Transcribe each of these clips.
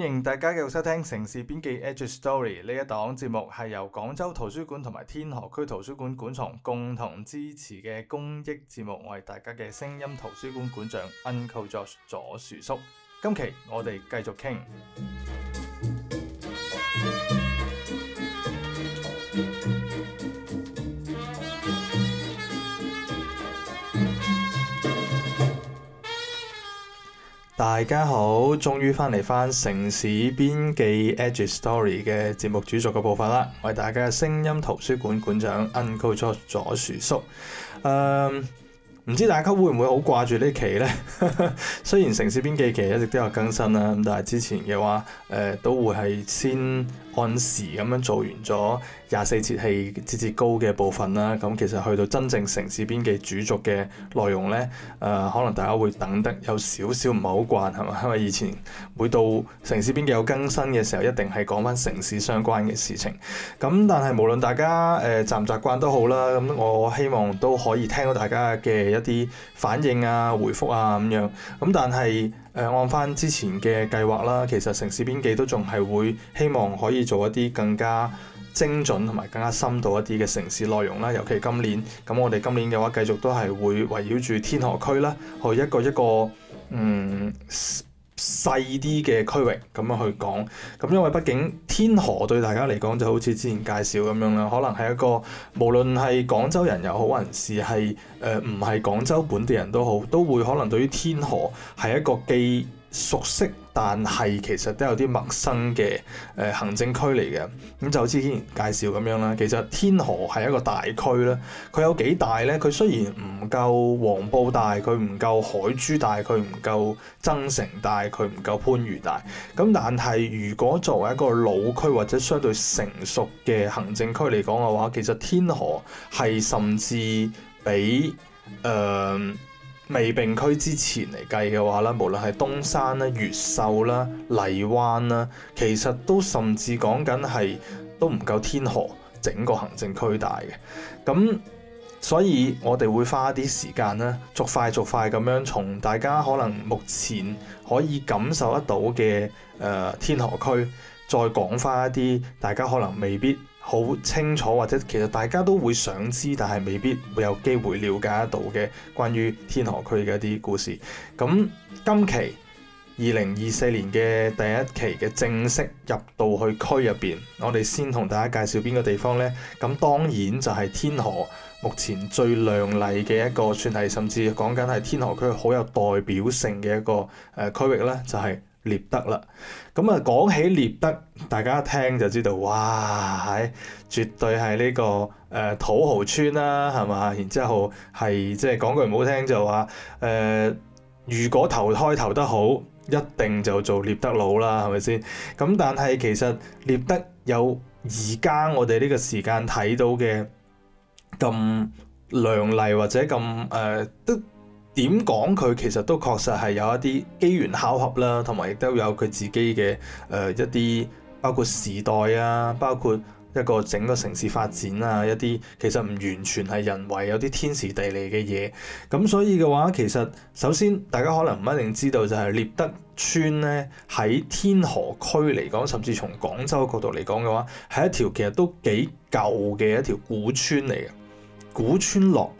歡迎大家繼續收聽《城事邊記 Edge Story》呢一檔節目，係由廣州圖書館同埋天河區圖書館館藏共同支持嘅公益節目。我係大家嘅聲音圖書館館長 Uncle Josh 左樹叔，今期我哋繼續傾。大家好，終於翻嚟翻城事邊記 Edge Story 嘅節目主軸嘅部分啦，我係大家嘅聲音圖書館館、館長 Uncle Josh 左薯叔，唔、uh, 知大家會唔會好掛住呢期呢？ 雖然城事邊記期一直都有更新啊，咁但係之前嘅話，誒、呃，都會係先。按時咁樣做完咗廿四節氣節節高嘅部分啦，咁其實去到真正城事邊嘅主軸嘅內容呢，誒、呃、可能大家會等得有少少唔係好慣係嘛，因為以前每到城事邊有更新嘅時候，一定係講返城市相關嘅事情。咁但係無論大家誒、呃、習唔習慣都好啦，咁我希望都可以聽到大家嘅一啲反應啊、回覆啊咁樣。咁但係。誒、按翻之前嘅計劃啦，其實城事邊記都仲係會希望可以做一啲更加精準同埋更加深度一啲嘅城市內容啦。尤其今年，咁我哋今年嘅話，繼續都係會圍繞住天河區啦，去一個一個嗯。細啲嘅區域咁樣去講，咁因為畢竟天河對大家嚟講就好似之前介紹咁樣啦，可能係一個無論係廣州人又好，還是係誒唔係廣州本地人都好，都會可能對於天河係一個既。熟悉，但係其實都有啲陌生嘅誒、呃、行政區嚟嘅。咁就好似之前介紹咁樣啦。其實天河係一個大區啦。佢有幾大呢？佢雖然唔夠黃埔大，佢唔夠海珠大，佢唔夠增城大，佢唔夠番禺大。咁但係如果作為一個老區或者相對成熟嘅行政區嚟講嘅話，其實天河係甚至比誒。呃未併區之前嚟計嘅話咧，無論係東山咧、越秀啦、荔灣啦，其實都甚至講緊係都唔夠天河整個行政區大嘅。咁所以我哋會花一啲時間咧，逐快逐快咁樣從大家可能目前可以感受得到嘅誒、呃、天河區，再講返一啲大家可能未必。好清楚，或者其實大家都會想知，但係未必會有機會了解得到嘅關於天河區嘅一啲故事。咁今期二零二四年嘅第一期嘅正式入到去區入邊，我哋先同大家介紹邊個地方呢？咁當然就係天河目前最亮麗嘅一個，算係甚至講緊係天河區好有代表性嘅一個誒、呃、區域啦，就係、是。獵德啦，咁、嗯、啊講起獵德，大家一聽就知道，哇係絕對係呢、這個誒、呃、土豪村啦，係嘛？然之後係即係講句唔好聽就話誒、呃，如果投胎投得好，一定就做獵德佬啦，係咪先？咁、嗯、但係其實獵德有而家我哋呢個時間睇到嘅咁亮麗或者咁誒、呃、都。點講佢其實都確實係有一啲機緣巧合啦，同埋亦都有佢自己嘅誒、呃、一啲，包括時代啊，包括一個整個城市發展啊，一啲其實唔完全係人為，有啲天時地利嘅嘢。咁所以嘅話，其實首先大家可能唔一定知道，就係獵德村呢喺天河區嚟講，甚至從廣州角度嚟講嘅話，係一條其實都幾舊嘅一條古村嚟嘅古村落。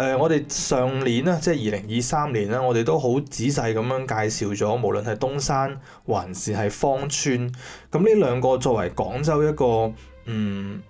誒、呃，我哋上年咧，即係二零二三年咧，我哋都好仔細咁樣介紹咗，無論係東山還是係芳村，咁呢兩個作為廣州一個嗯，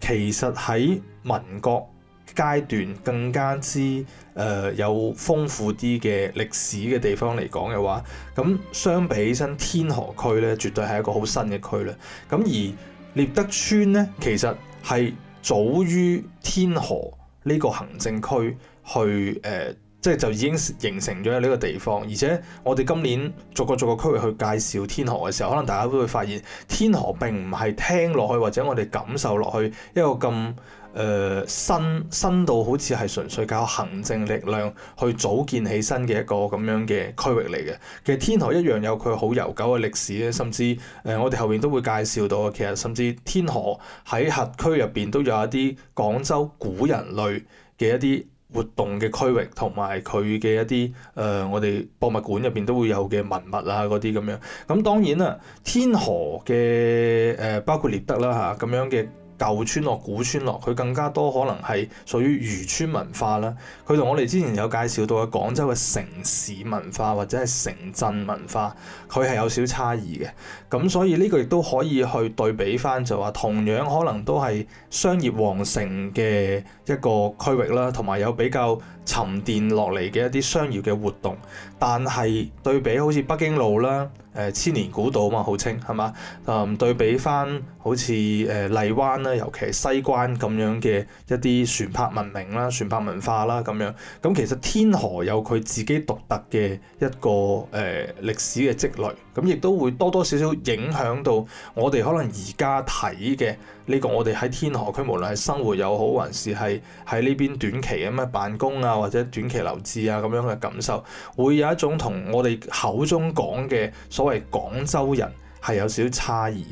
其實喺民國階段更加之誒、呃、有豐富啲嘅歷史嘅地方嚟講嘅話，咁相比起身天河區咧，絕對係一個好新嘅區啦。咁而獵德村咧，其實係早於天河。呢個行政區去誒、呃，即係就已經形成咗呢個地方，而且我哋今年逐個逐個區域去介紹天河嘅時候，可能大家都會發現，天河並唔係聽落去或者我哋感受落去一個咁。誒、呃、新新到好似係純粹靠行政力量去組建起身嘅一個咁樣嘅區域嚟嘅，其實天河一樣有佢好悠久嘅歷史咧，甚至誒、呃、我哋後面都會介紹到，其實甚至天河喺轄區入邊都有一啲廣州古人類嘅一啲活動嘅區域，同埋佢嘅一啲誒、呃、我哋博物館入邊都會有嘅文物啊嗰啲咁樣。咁當然啦，天河嘅誒、呃、包括獵德啦嚇咁、啊、樣嘅。舊村落、古村落，佢更加多可能係屬於漁村文化啦。佢同我哋之前有介紹到嘅廣州嘅城市文化或者係城鎮文化，佢係有少少差異嘅。咁所以呢個亦都可以去對比返，就話同樣可能都係商業皇城嘅一個區域啦，同埋有比較沉澱落嚟嘅一啲商業嘅活動。但係對比好似北京路啦。誒千年古道啊嘛，號稱係嘛？誒、嗯、對比翻好似誒、呃、荔灣啦，尤其係西關咁樣嘅一啲船舶文明啦、船舶文化啦咁樣，咁、嗯、其實天河有佢自己獨特嘅一個誒、呃、歷史嘅積累，咁、嗯、亦都會多多少少影響到我哋可能而家睇嘅。呢個我哋喺天河區，無論係生活又好，還是係喺呢邊短期咁嘅辦公啊，或者短期留置啊，咁樣嘅感受，會有一種同我哋口中講嘅所謂廣州人係有少少差異。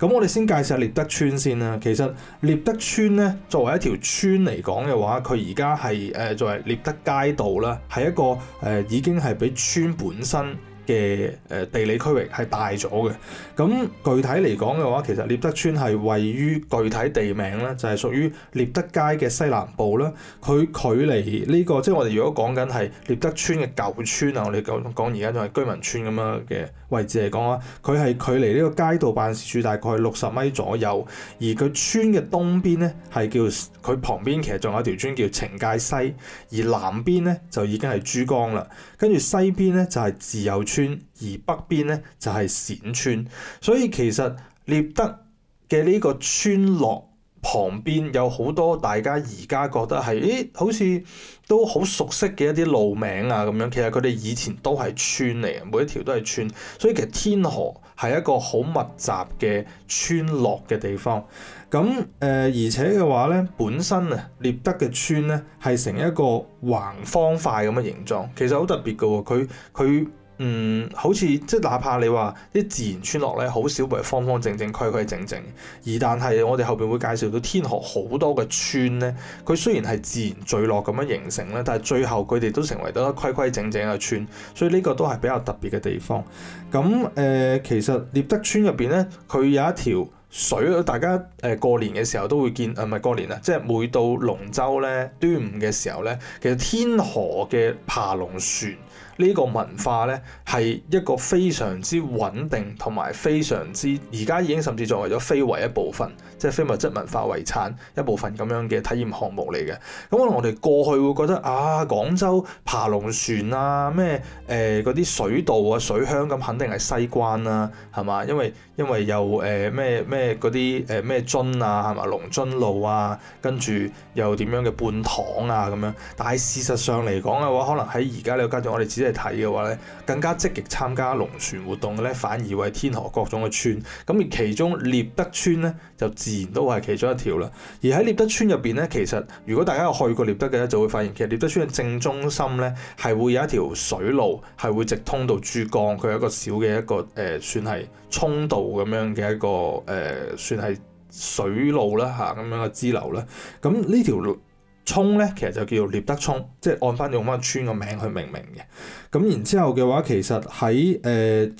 咁我哋先介紹下獵德村先啦、啊。其實獵德村呢，作為一條村嚟講嘅話，佢而家係誒作為獵德街道啦，係一個誒、呃、已經係比村本身。嘅誒地理區域係大咗嘅，咁具體嚟講嘅話，其實獵德村係位於具體地名咧，就係屬於獵德街嘅西南部啦。佢距離呢個即係我哋如果講緊係獵德村嘅舊村啊，我哋講講而家仲係居民村咁樣嘅位置嚟講啊，佢係距離呢個街道辦事處大概六十米左右，而佢村嘅東邊咧係叫佢旁邊其實仲有條村叫程界西，而南邊咧就已經係珠江啦，跟住西邊咧就係自由村。村而北邊呢，就係冼村，所以其實獵德嘅呢個村落旁邊有好多大家而家覺得係，咦，好似都好熟悉嘅一啲路名啊咁樣，其實佢哋以前都係村嚟嘅，每一條都係村，所以其實天河係一個好密集嘅村落嘅地方。咁誒、呃、而且嘅話呢，本身啊獵德嘅村呢係成一個橫方塊咁嘅形狀，其實好特別噶，佢佢。嗯，好似即係哪怕你話啲自然村落咧，好少係方方正正、規規整整。而但係我哋後邊會介紹到天河好多個村咧，佢雖然係自然聚落咁樣形成咧，但係最後佢哋都成為到規規整整嘅村，所以呢個都係比較特別嘅地方。咁誒、呃，其實獵德村入邊咧，佢有一條水，大家誒、呃、過年嘅時候都會見，唔、呃、係過年啊，即係每到龍舟咧、端午嘅時候咧，其實天河嘅爬龍船。呢個文化呢，係一個非常之穩定同埋非常之，而家已經甚至作為咗非遺一部分。即係非物質文化遺產一部分咁樣嘅體驗項目嚟嘅，咁可能我哋過去會覺得啊，廣州爬龍船啊，咩誒嗰啲水道啊、水鄉咁、啊，肯定係西關啦、啊，係嘛？因為因為又誒咩咩嗰啲誒咩津啊，係嘛，龍津路啊，跟住又點樣嘅泮塘啊咁樣，但係事實上嚟講嘅話，可能喺而家呢個階段，我哋只係睇嘅話咧，更加積極參加龍船活動嘅咧，反而為天河各種嘅村，咁而其中獵德村咧就，自然都係其中一條啦。而喺獵德村入邊咧，其實如果大家有去過獵德嘅咧，就會發現其實獵德村嘅正中心咧，係會有一條水路，係會直通到珠江。佢有一個小嘅一個誒、呃，算係涌道咁樣嘅一個誒、呃，算係水路啦嚇咁樣嘅支流啦。咁呢條涌咧，其實就叫獵德涌，即係按翻用翻村個名去命名嘅。咁然之後嘅話，其實喺誒。呃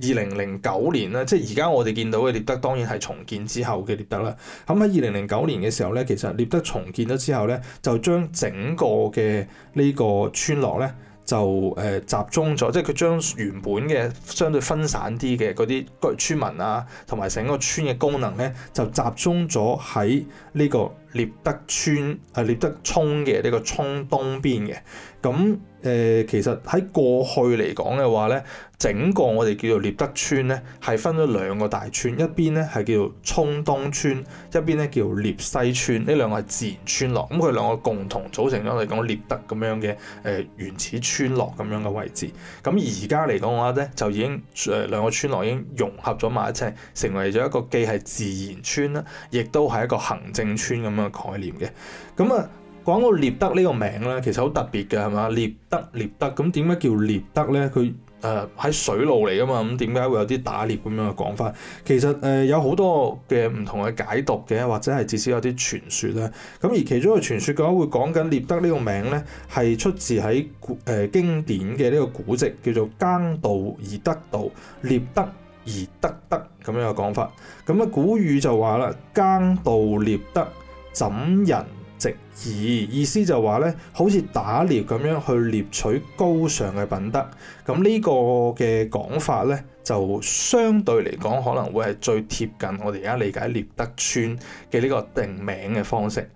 二零零九年咧，即係而家我哋見到嘅獵德當然係重建之後嘅獵德啦。咁喺二零零九年嘅時候咧，其實獵德重建咗之後咧，就將整個嘅呢個村落咧就誒集中咗，即係佢將原本嘅相對分散啲嘅嗰啲居民啊，同埋成個村嘅功能咧就集中咗喺呢個獵德村啊，獵德涌嘅呢個涌東邊嘅，咁、嗯、誒、呃、其實喺過去嚟講嘅話咧，整個我哋叫做獵德村咧，係分咗兩個大村，一邊咧係叫做涌東村，一邊咧叫獵西村，呢兩個係自然村落，咁、嗯、佢兩個共同組成咗嚟講獵德咁樣嘅誒、呃、原始村落咁樣嘅位置，咁而家嚟講嘅話咧，就已經誒、呃、兩個村落已經融合咗埋一齊成為咗一個既係自然村啦，亦都係一個行政村咁樣。概念嘅咁啊，講到獵德呢個名咧，其實好特別嘅係、呃、嘛？獵德獵德咁點解叫獵德咧？佢誒喺水路嚟噶嘛？咁點解會有啲打獵咁樣嘅講法？其實誒、呃、有好多嘅唔同嘅解讀嘅，或者係至少有啲傳說啦。咁而其中嘅傳說嘅話，會講緊獵德呢個名咧，係出自喺誒、呃、經典嘅呢個古籍叫做《耕道而得道，獵德而得德》咁樣嘅講法。咁啊，古語就話啦：耕道獵德。枕人直耳，意思就話咧，好似打獵咁樣去獵取高尚嘅品德。咁呢個嘅講法咧，就相對嚟講可能會係最貼近我哋而家理解獵德村嘅呢個定名嘅方式。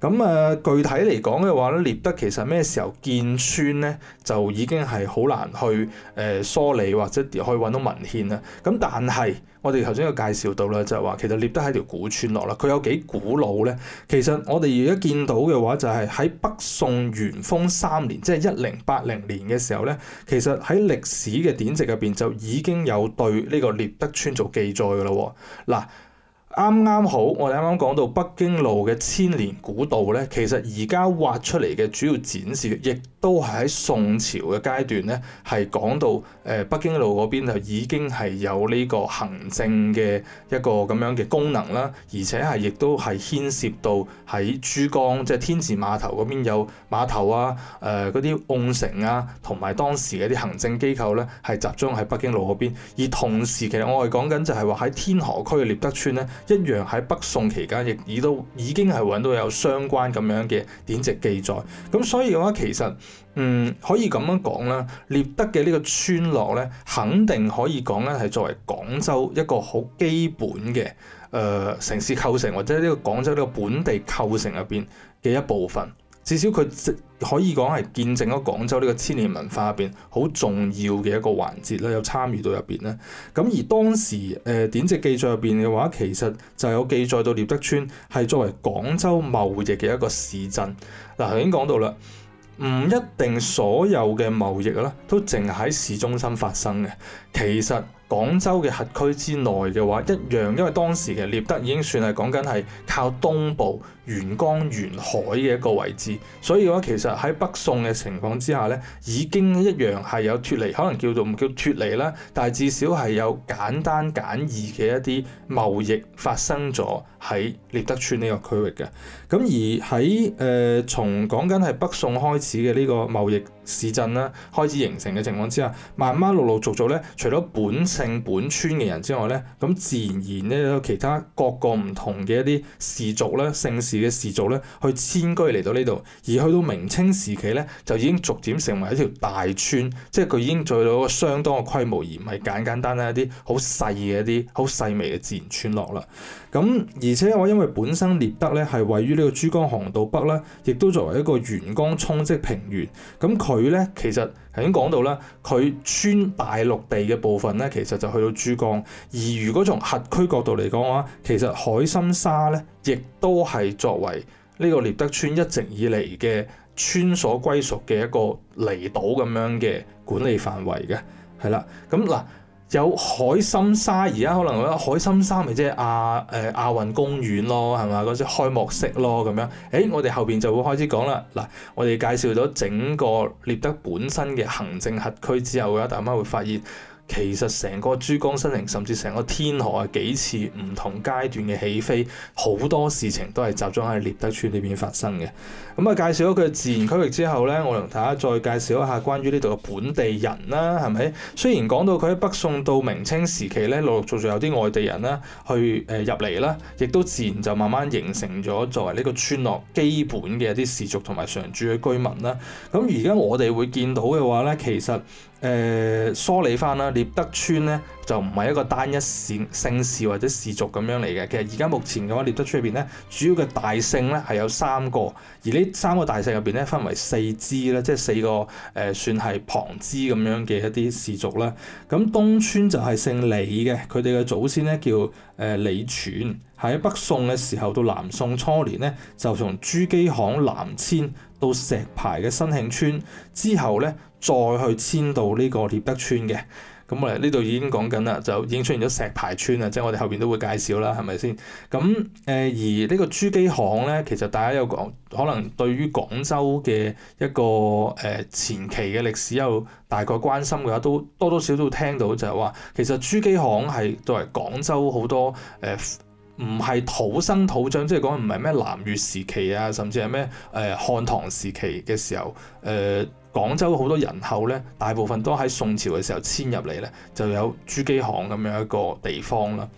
咁誒、啊，具體嚟講嘅話咧，獵德其實咩時候建村咧，就已經係好難去誒、呃、梳理或者可以揾到文獻啦。咁但係我哋頭先有介紹到啦，就係、是、話其實獵德係條古村落啦，佢有幾古老咧？其實我哋而家見到嘅話就係喺北宋元豐三年，即係一零八零年嘅時候咧，其實喺歷史嘅典籍入邊就已經有對呢個獵德村做記載噶啦喎，嗱。啱啱好，我哋啱啱講到北京路嘅千年古道呢。其實而家挖出嚟嘅主要展示，亦都係喺宋朝嘅階段呢，係講到北京路嗰邊就已經係有呢個行政嘅一個咁樣嘅功能啦，而且係亦都係牽涉到喺珠江即係、就是、天字碼頭嗰邊有碼頭啊，誒嗰啲瓮城啊，同埋當時嘅啲行政機構呢，係集中喺北京路嗰邊，而同時其實我哋講緊就係話喺天河區嘅獵德村呢。一樣喺北宋期間，亦已都已經係揾到有相關咁樣嘅典籍記載。咁所以嘅話，其實嗯可以咁樣講啦，獵德嘅呢個村落咧，肯定可以講咧係作為廣州一個好基本嘅誒、呃、城市構成，或者呢個廣州呢個本地構成入邊嘅一部分。至少佢，可以講係見證咗廣州呢個千年文化入邊好重要嘅一個環節啦，有參與到入邊咧。咁而當時誒、呃、典籍記載入邊嘅話，其實就有記載到獵德村係作為廣州貿易嘅一個市鎮。嗱頭先講到啦，唔一定所有嘅貿易啦都淨喺市中心發生嘅，其實。廣州嘅核區之內嘅話一樣，因為當時嘅獵德已經算係講緊係靠東部沿江沿海嘅一個位置，所以嘅話其實喺北宋嘅情況之下呢，已經一樣係有脱離，可能叫做唔叫做脱離啦，但係至少係有簡單簡易嘅一啲貿易發生咗喺獵德村呢個區域嘅。咁而喺誒從講緊係北宋開始嘅呢個貿易市鎮啦，開始形成嘅情況之下，慢慢陸陸續續呢，除咗本姓本村嘅人之外呢，咁自然呢，有其他各個唔同嘅一啲氏族啦，姓氏嘅氏族咧，去遷居嚟到呢度，而去到明清時期呢，就已經逐漸成為一條大村，即係佢已經做到相當嘅規模，而唔係簡簡單單一啲好細嘅一啲好細微嘅自然村落啦。咁而且嘅話，因為本身獵德呢，係位於呢個珠江航道北啦，亦都作為一個沿江沖積平原，咁佢呢，其實。已經講到啦，佢村大陸地嘅部分咧，其實就去到珠江。而如果從轄區角度嚟講嘅話，其實海心沙咧，亦都係作為呢個獵德村一直以嚟嘅村所歸屬嘅一個離島咁樣嘅管理範圍嘅，係啦。咁嗱。有海心沙，而家可能海心沙咪即係亞誒、呃、亞運公園咯，係咪？嗰啲開幕式咯咁樣。誒、欸，我哋後邊就會開始講啦。嗱，我哋介紹咗整個獵德本身嘅行政轄區之後，阿大家會發現其實成個珠江新城甚至成個天河啊幾次唔同階段嘅起飛，好多事情都係集中喺獵德村呢邊發生嘅。咁啊，介紹咗佢嘅自然區域之後呢，我哋同大家再介紹一下關於呢度嘅本地人啦，係咪？雖然講到佢喺北宋到明清時期呢，陸陸續續有啲外地人啦，去、呃、誒入嚟啦，亦都自然就慢慢形成咗作為呢個村落基本嘅一啲氏族同埋常住嘅居民啦。咁而家我哋會見到嘅話呢，其實誒梳理翻啦，獵、呃、德村呢，就唔係一個單一姓姓氏或者氏族咁樣嚟嘅。其實而家目前嘅話，獵德村入邊咧，主要嘅大姓咧係有三個，而呢三個大姓入邊咧，分為四支咧，即係四個誒、呃、算係旁支咁樣嘅一啲氏族啦。咁東村就係姓李嘅，佢哋嘅祖先咧叫誒李傳，喺北宋嘅時候到南宋初年咧，就從珠璣巷南遷到石牌嘅新興村，之後咧再去遷到呢個獵德村嘅。咁我哋呢度已經講緊啦，就已經出現咗石牌村啊，即係我哋後邊都會介紹啦，係咪先？咁誒、呃、而呢個珠璣巷咧，其實大家有講，可能對於廣州嘅一個誒、呃、前期嘅歷史有大概關心嘅話，都多多少少都會聽到就係話，其實珠璣巷係作為廣州好多誒唔係土生土長，即係講唔係咩南越時期啊，甚至係咩誒漢唐時期嘅時候誒。呃廣州好多人口咧，大部分都喺宋朝嘅時候遷入嚟咧，就有珠璣巷咁樣一個地方啦。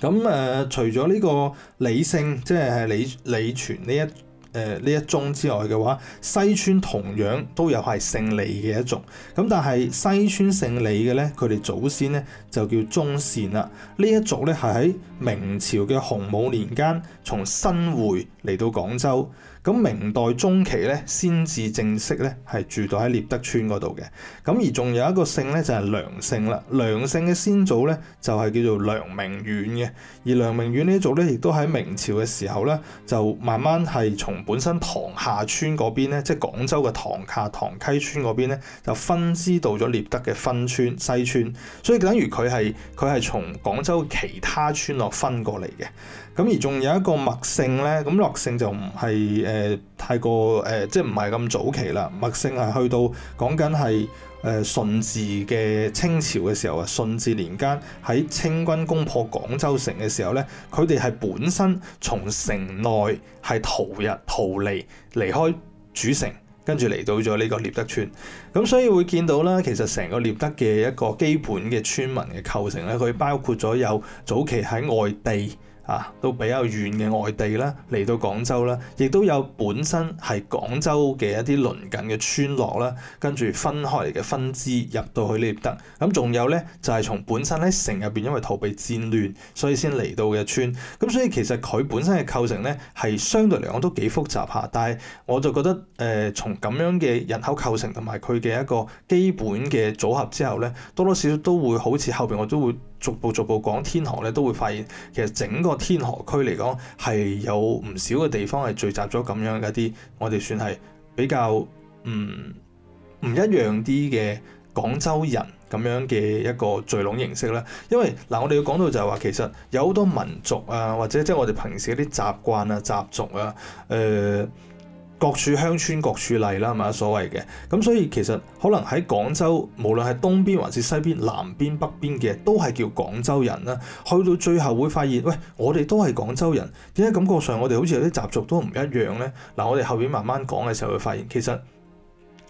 咁誒、呃，除咗呢個李姓，即係李李全呢一誒呢、呃、一宗之外嘅話，西村同樣都有係姓李嘅一族。咁但係西村姓李嘅咧，佢哋祖先咧就叫宗善啦。呢一族咧係喺明朝嘅洪武年間從新會嚟到廣州。咁明代中期咧，先至正式咧，係住到喺獵德村嗰度嘅。咁而仲有一個姓咧，就係梁姓啦。梁姓嘅先祖咧，就係叫做梁明遠嘅。而梁明遠呢一族咧，亦都喺明朝嘅時候咧，就慢慢係從本身棠下村嗰邊咧，即係廣州嘅棠下、塘溪村嗰邊咧，就分支到咗獵德嘅分村、西村。所以等於佢係佢係從廣州其他村落分過嚟嘅。咁而仲有一個麥姓咧，咁麥姓就唔係誒太過誒、呃，即係唔係咁早期啦。麥姓係去到講緊係誒順治嘅清朝嘅時候啊，順治年間喺清軍攻破廣州城嘅時候咧，佢哋係本身從城內係逃入逃離離開主城，跟住嚟到咗呢個獵德村。咁所以會見到啦，其實成個獵德嘅一個基本嘅村民嘅構成咧，佢包括咗有早期喺外地。啊，都比較遠嘅外地啦，嚟到廣州啦，亦都有本身係廣州嘅一啲鄰近嘅村落啦，跟住分開嚟嘅分支入到去呢邊得。咁、啊、仲有呢，就係、是、從本身喺城入邊，因為逃避戰亂，所以先嚟到嘅村。咁所以其實佢本身嘅構成呢，係相對嚟講都幾複雜下。但係我就覺得，誒、呃，從咁樣嘅人口構成同埋佢嘅一個基本嘅組合之後呢，多多少少都會好似後邊我都會。逐步逐步講天河咧，都會發現其實整個天河區嚟講，係有唔少嘅地方係聚集咗咁樣嘅一啲，我哋算係比較嗯唔一樣啲嘅廣州人咁樣嘅一個聚攏形式啦。因為嗱、呃，我哋要講到就係話，其實有好多民族啊，或者即係我哋平時嗰啲習慣啊、習俗啊，誒、呃。各處鄉村各處例啦，係咪所謂嘅咁，所以其實可能喺廣州，無論係東邊還是西邊、南邊北邊嘅，都係叫廣州人啦。去到最後會發現，喂，我哋都係廣州人，點解感覺上我哋好似有啲習俗都唔一樣呢？嗱，我哋後邊慢慢講嘅時候會發現，其實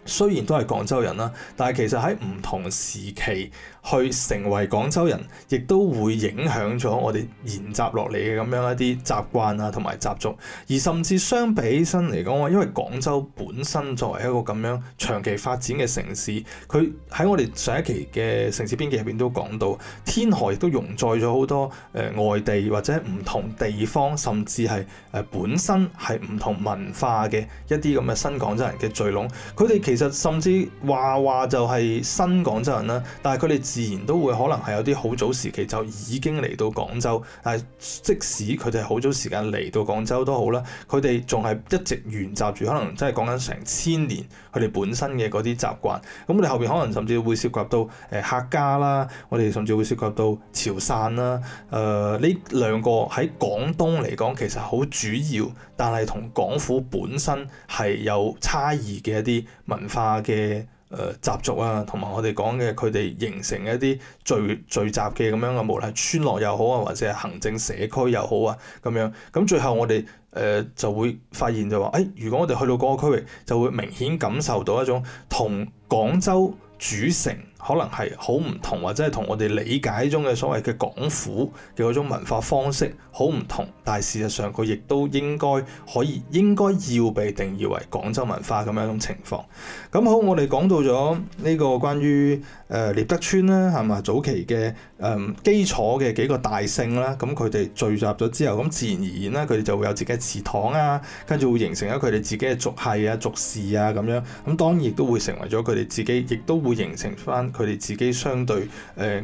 雖然都係廣州人啦，但係其實喺唔同時期。去成為廣州人，亦都會影響咗我哋沿襲落嚟嘅咁樣一啲習慣啊，同埋習俗。而甚至相比起身嚟講，話因為廣州本身作為一個咁樣長期發展嘅城市，佢喺我哋上一期嘅城事邊記入邊都講到，天河亦都容載咗好多誒、呃、外地或者唔同地方，甚至係誒、呃、本身係唔同文化嘅一啲咁嘅新廣州人嘅聚攏。佢哋其實甚至話話就係新廣州人啦，但係佢哋。自然都會可能係有啲好早時期就已經嚟到廣州，但係即使佢哋好早時間嚟到廣州都好啦，佢哋仲係一直沿襲住可能真係講緊成千年佢哋本身嘅嗰啲習慣。咁我哋後邊可能甚至會涉及到誒客家啦，我哋甚至會涉及到潮汕啦。誒、呃、呢兩個喺廣東嚟講其實好主要，但係同廣府本身係有差異嘅一啲文化嘅。誒、呃、習俗啊，同埋我哋講嘅佢哋形成一啲聚聚集嘅咁樣嘅，無論係村落又好啊，或者係行政社區又好啊，咁樣咁、嗯、最後我哋誒、呃、就會發現就話，誒如果我哋去到嗰個區域，就會明顯感受到一種同廣州主城。可能係好唔同，或者係同我哋理解中嘅所謂嘅廣府嘅嗰種文化方式好唔同，但係事實上佢亦都應該可以應該要被定義為廣州文化咁樣一種情況。咁好，我哋講到咗呢個關於誒獵、呃、德村啦，係嘛？早期嘅誒、呃、基礎嘅幾個大姓啦，咁佢哋聚集咗之後，咁自然而然啦，佢哋就會有自己嘅祠堂啊，跟住會形成咗佢哋自己嘅族系啊、族氏啊咁樣，咁當然亦都會成為咗佢哋自己，亦都會形成翻。佢哋自己相對誒、呃、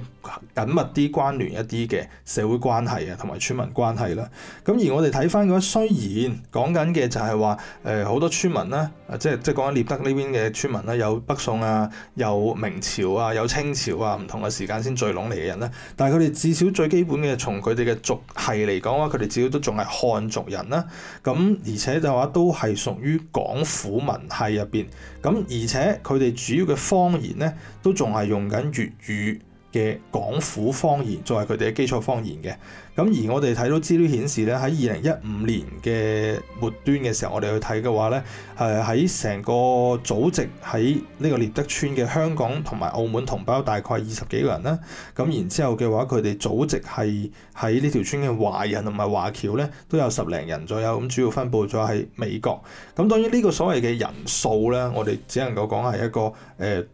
緊密啲關聯一啲嘅社會關係啊，同埋村民關係啦、啊。咁而我哋睇翻嘅話，雖然講緊嘅就係話誒好多村民啦、啊，即係即係講緊獵德呢邊嘅村民啦、啊，有北宋啊，有明朝啊，有清朝啊，唔同嘅時間先聚攏嚟嘅人咧、啊。但係佢哋至少最基本嘅，從佢哋嘅族系嚟講嘅、啊、話，佢哋至少都仲係漢族人啦、啊。咁、嗯、而且就話都係屬於廣府民系入邊。咁而且佢哋主要嘅方言咧，都仲係用緊粵語。嘅廣府方言作為佢哋嘅基礎方言嘅，咁而我哋睇到資料顯示咧，喺二零一五年嘅末端嘅時候，我哋去睇嘅話咧，係喺成個祖籍喺呢個獵德村嘅香港同埋澳門同胞大概二十幾個人啦，咁然之後嘅話，佢哋祖籍係喺呢條村嘅華人同埋華僑咧，都有十零人左右，咁主要分佈咗喺美國，咁當然呢個所謂嘅人數咧，我哋只能夠講，係一個誒。呃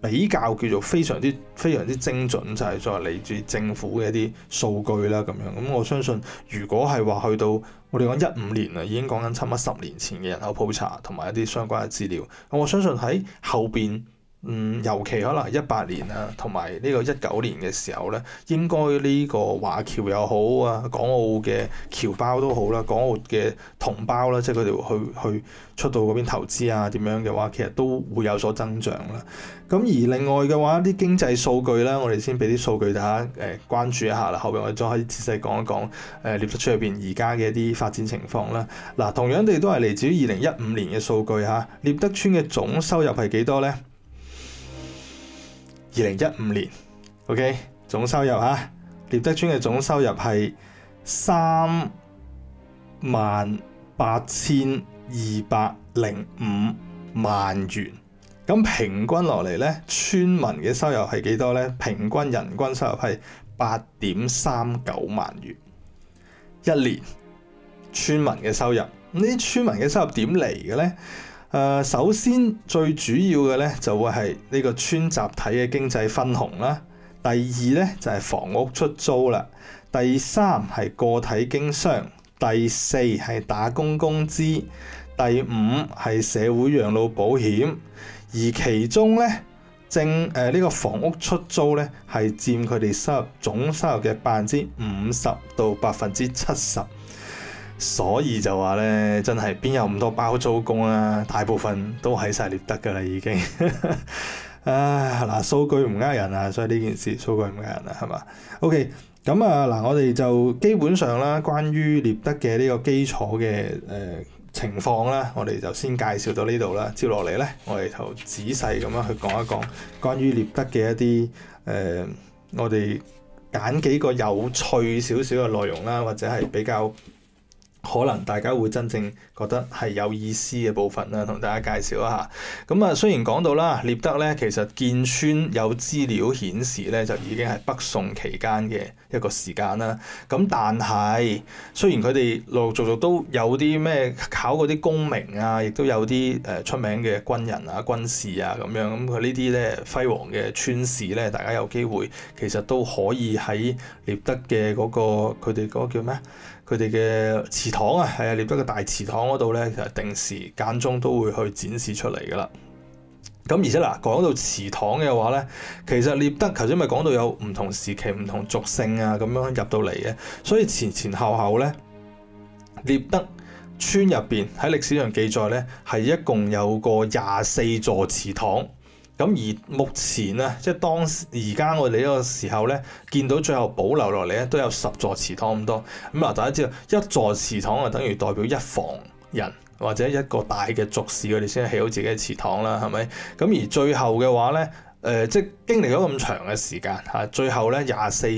比較叫做非常之非常之精準，就係作為嚟自政府嘅一啲數據啦咁樣。咁我相信，如果係話去到我哋講一五年啊，已經講緊差唔多十年前嘅人口普查同埋一啲相關嘅資料。咁我相信喺後邊。嗯，尤其可能係一八年啊，同埋呢個一九年嘅時候咧，應該呢個華僑又好啊，港澳嘅僑胞都好啦、啊，港澳嘅同胞啦、啊，即係佢哋去去出到嗰邊投資啊，點樣嘅話，其實都會有所增長啦。咁而另外嘅話，啲經濟數據咧，我哋先俾啲數據大家誒、呃、關注一下啦。後邊我哋再可以仔細講一講誒獵、呃、德村入邊而家嘅一啲發展情況啦。嗱、啊，同樣地都係嚟自於二零一五年嘅數據嚇，獵德村嘅總收入係幾多咧？二零一五年，OK，總收入吓，獵德村嘅總收入係三萬八千二百零五萬元，咁平均落嚟咧，村民嘅收入係幾多咧？平均人均收入係八點三九萬元，一年村民嘅收入，咁呢村民嘅收入點嚟嘅咧？誒、呃、首先最主要嘅咧就會係呢個村集體嘅經濟分紅啦，第二咧就係、是、房屋出租啦，第三係個體經商，第四係打工工資，第五係社會養老保險，而其中咧正誒呢、呃這個房屋出租咧係佔佢哋收入總收入嘅百分之五十到百分之七十。所以就話咧，真係邊有咁多包租公啊？大部分都喺晒獵德噶啦，已經。 唉，嗱，數據唔呃人啊，所以呢件事數據唔呃人啊，係嘛？OK，咁啊嗱，我哋就基本上啦，關於獵德嘅呢個基礎嘅誒情況啦，我哋就先介紹到呢度啦。接落嚟咧，我哋就仔細咁樣去講一講關於獵德嘅一啲誒、呃，我哋揀幾個有趣少少嘅內容啦，或者係比較。可能大家會真正覺得係有意思嘅部分啦，同大家介紹一下。咁啊，雖然講到啦，獵德咧，其實建村有資料顯示咧，就已經係北宋期間嘅一個時間啦。咁但係雖然佢哋陸陸續續都有啲咩考嗰啲功名啊，亦都有啲誒、呃、出名嘅軍人啊、軍事啊咁樣，咁佢呢啲咧輝煌嘅村史咧，大家有機會其實都可以喺獵德嘅嗰、嗰個佢哋嗰個叫咩？佢哋嘅祠堂啊，係啊，獵德嘅大祠堂嗰度咧，其實定時間中都會去展示出嚟噶啦。咁而且嗱，講到祠堂嘅話咧，其實獵德頭先咪講到有唔同時期唔同族姓啊咁樣入到嚟嘅，所以前前後後咧，獵德村入邊喺歷史上記載咧係一共有個廿四座祠堂。咁而目前咧，即係當時而家我哋呢個時候咧，見到最後保留落嚟咧，都有十座祠堂咁多。咁啊，大家知道一座祠堂啊，等於代表一房人或者一個大嘅族氏，佢哋先起好自己嘅祠堂啦，係咪？咁而最後嘅話咧，誒、呃，即係經歷咗咁長嘅時間嚇，最後咧廿四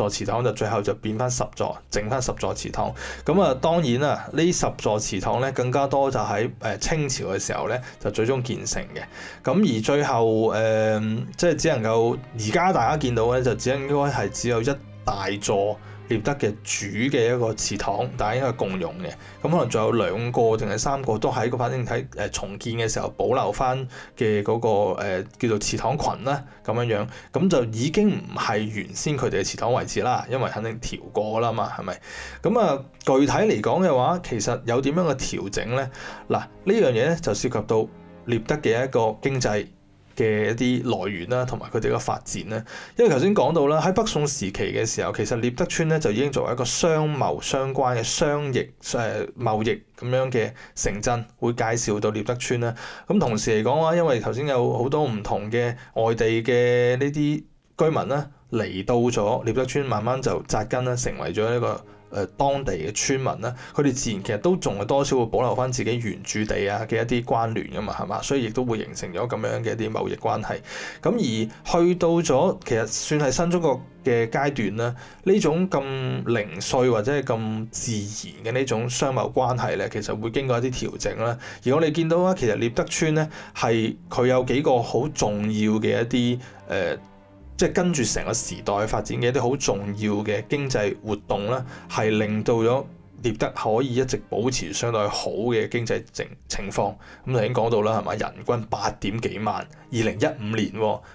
座祠堂就最後就變翻十座，整翻十座祠堂。咁啊，當然啦，呢十座祠堂咧，更加多就喺誒、呃、清朝嘅時候咧，就最終建成嘅。咁而最後誒、呃，即係只能夠而家大家見到咧，就只能應該係只有一大座，獵德嘅主嘅一個祠堂，但係應該係共用嘅，咁可能仲有兩個定係三個，都喺個反正喺誒重建嘅時候保留翻嘅嗰個誒、呃、叫做祠堂群啦，咁樣樣，咁就已經唔係原先佢哋嘅祠堂位置啦，因為肯定調過啦嘛，係咪？咁、嗯、啊，具體嚟講嘅話，其實有點樣嘅調整咧，嗱呢樣嘢咧就涉及到獵德嘅一個經濟。嘅一啲來源啦，同埋佢哋嘅發展咧，因為頭先講到啦，喺北宋時期嘅時候，其實獵德村咧就已經作為一個商貿相關嘅商業誒、呃、貿易咁樣嘅城鎮，會介紹到獵德村啦。咁、嗯、同時嚟講啊，因為頭先有好多唔同嘅外地嘅呢啲居民啦嚟到咗獵德村，慢慢就扎根啦，成為咗一個。誒，當地嘅村民咧，佢哋自然其實都仲係多少會保留翻自己原住地啊嘅一啲關聯噶嘛，係嘛？所以亦都會形成咗咁樣嘅一啲貿易關係。咁而去到咗其實算係新中國嘅階段咧，呢種咁零碎或者係咁自然嘅呢種商貿關係咧，其實會經過一啲調整啦。而我哋見到啊，其實獵德村咧係佢有幾個好重要嘅一啲誒。呃即係跟住成個時代發展嘅一啲好重要嘅經濟活動咧，係令到咗，獵德可以一直保持相對好嘅經濟情情況，咁就已經講到啦，係嘛？人均八點幾萬，二零一五年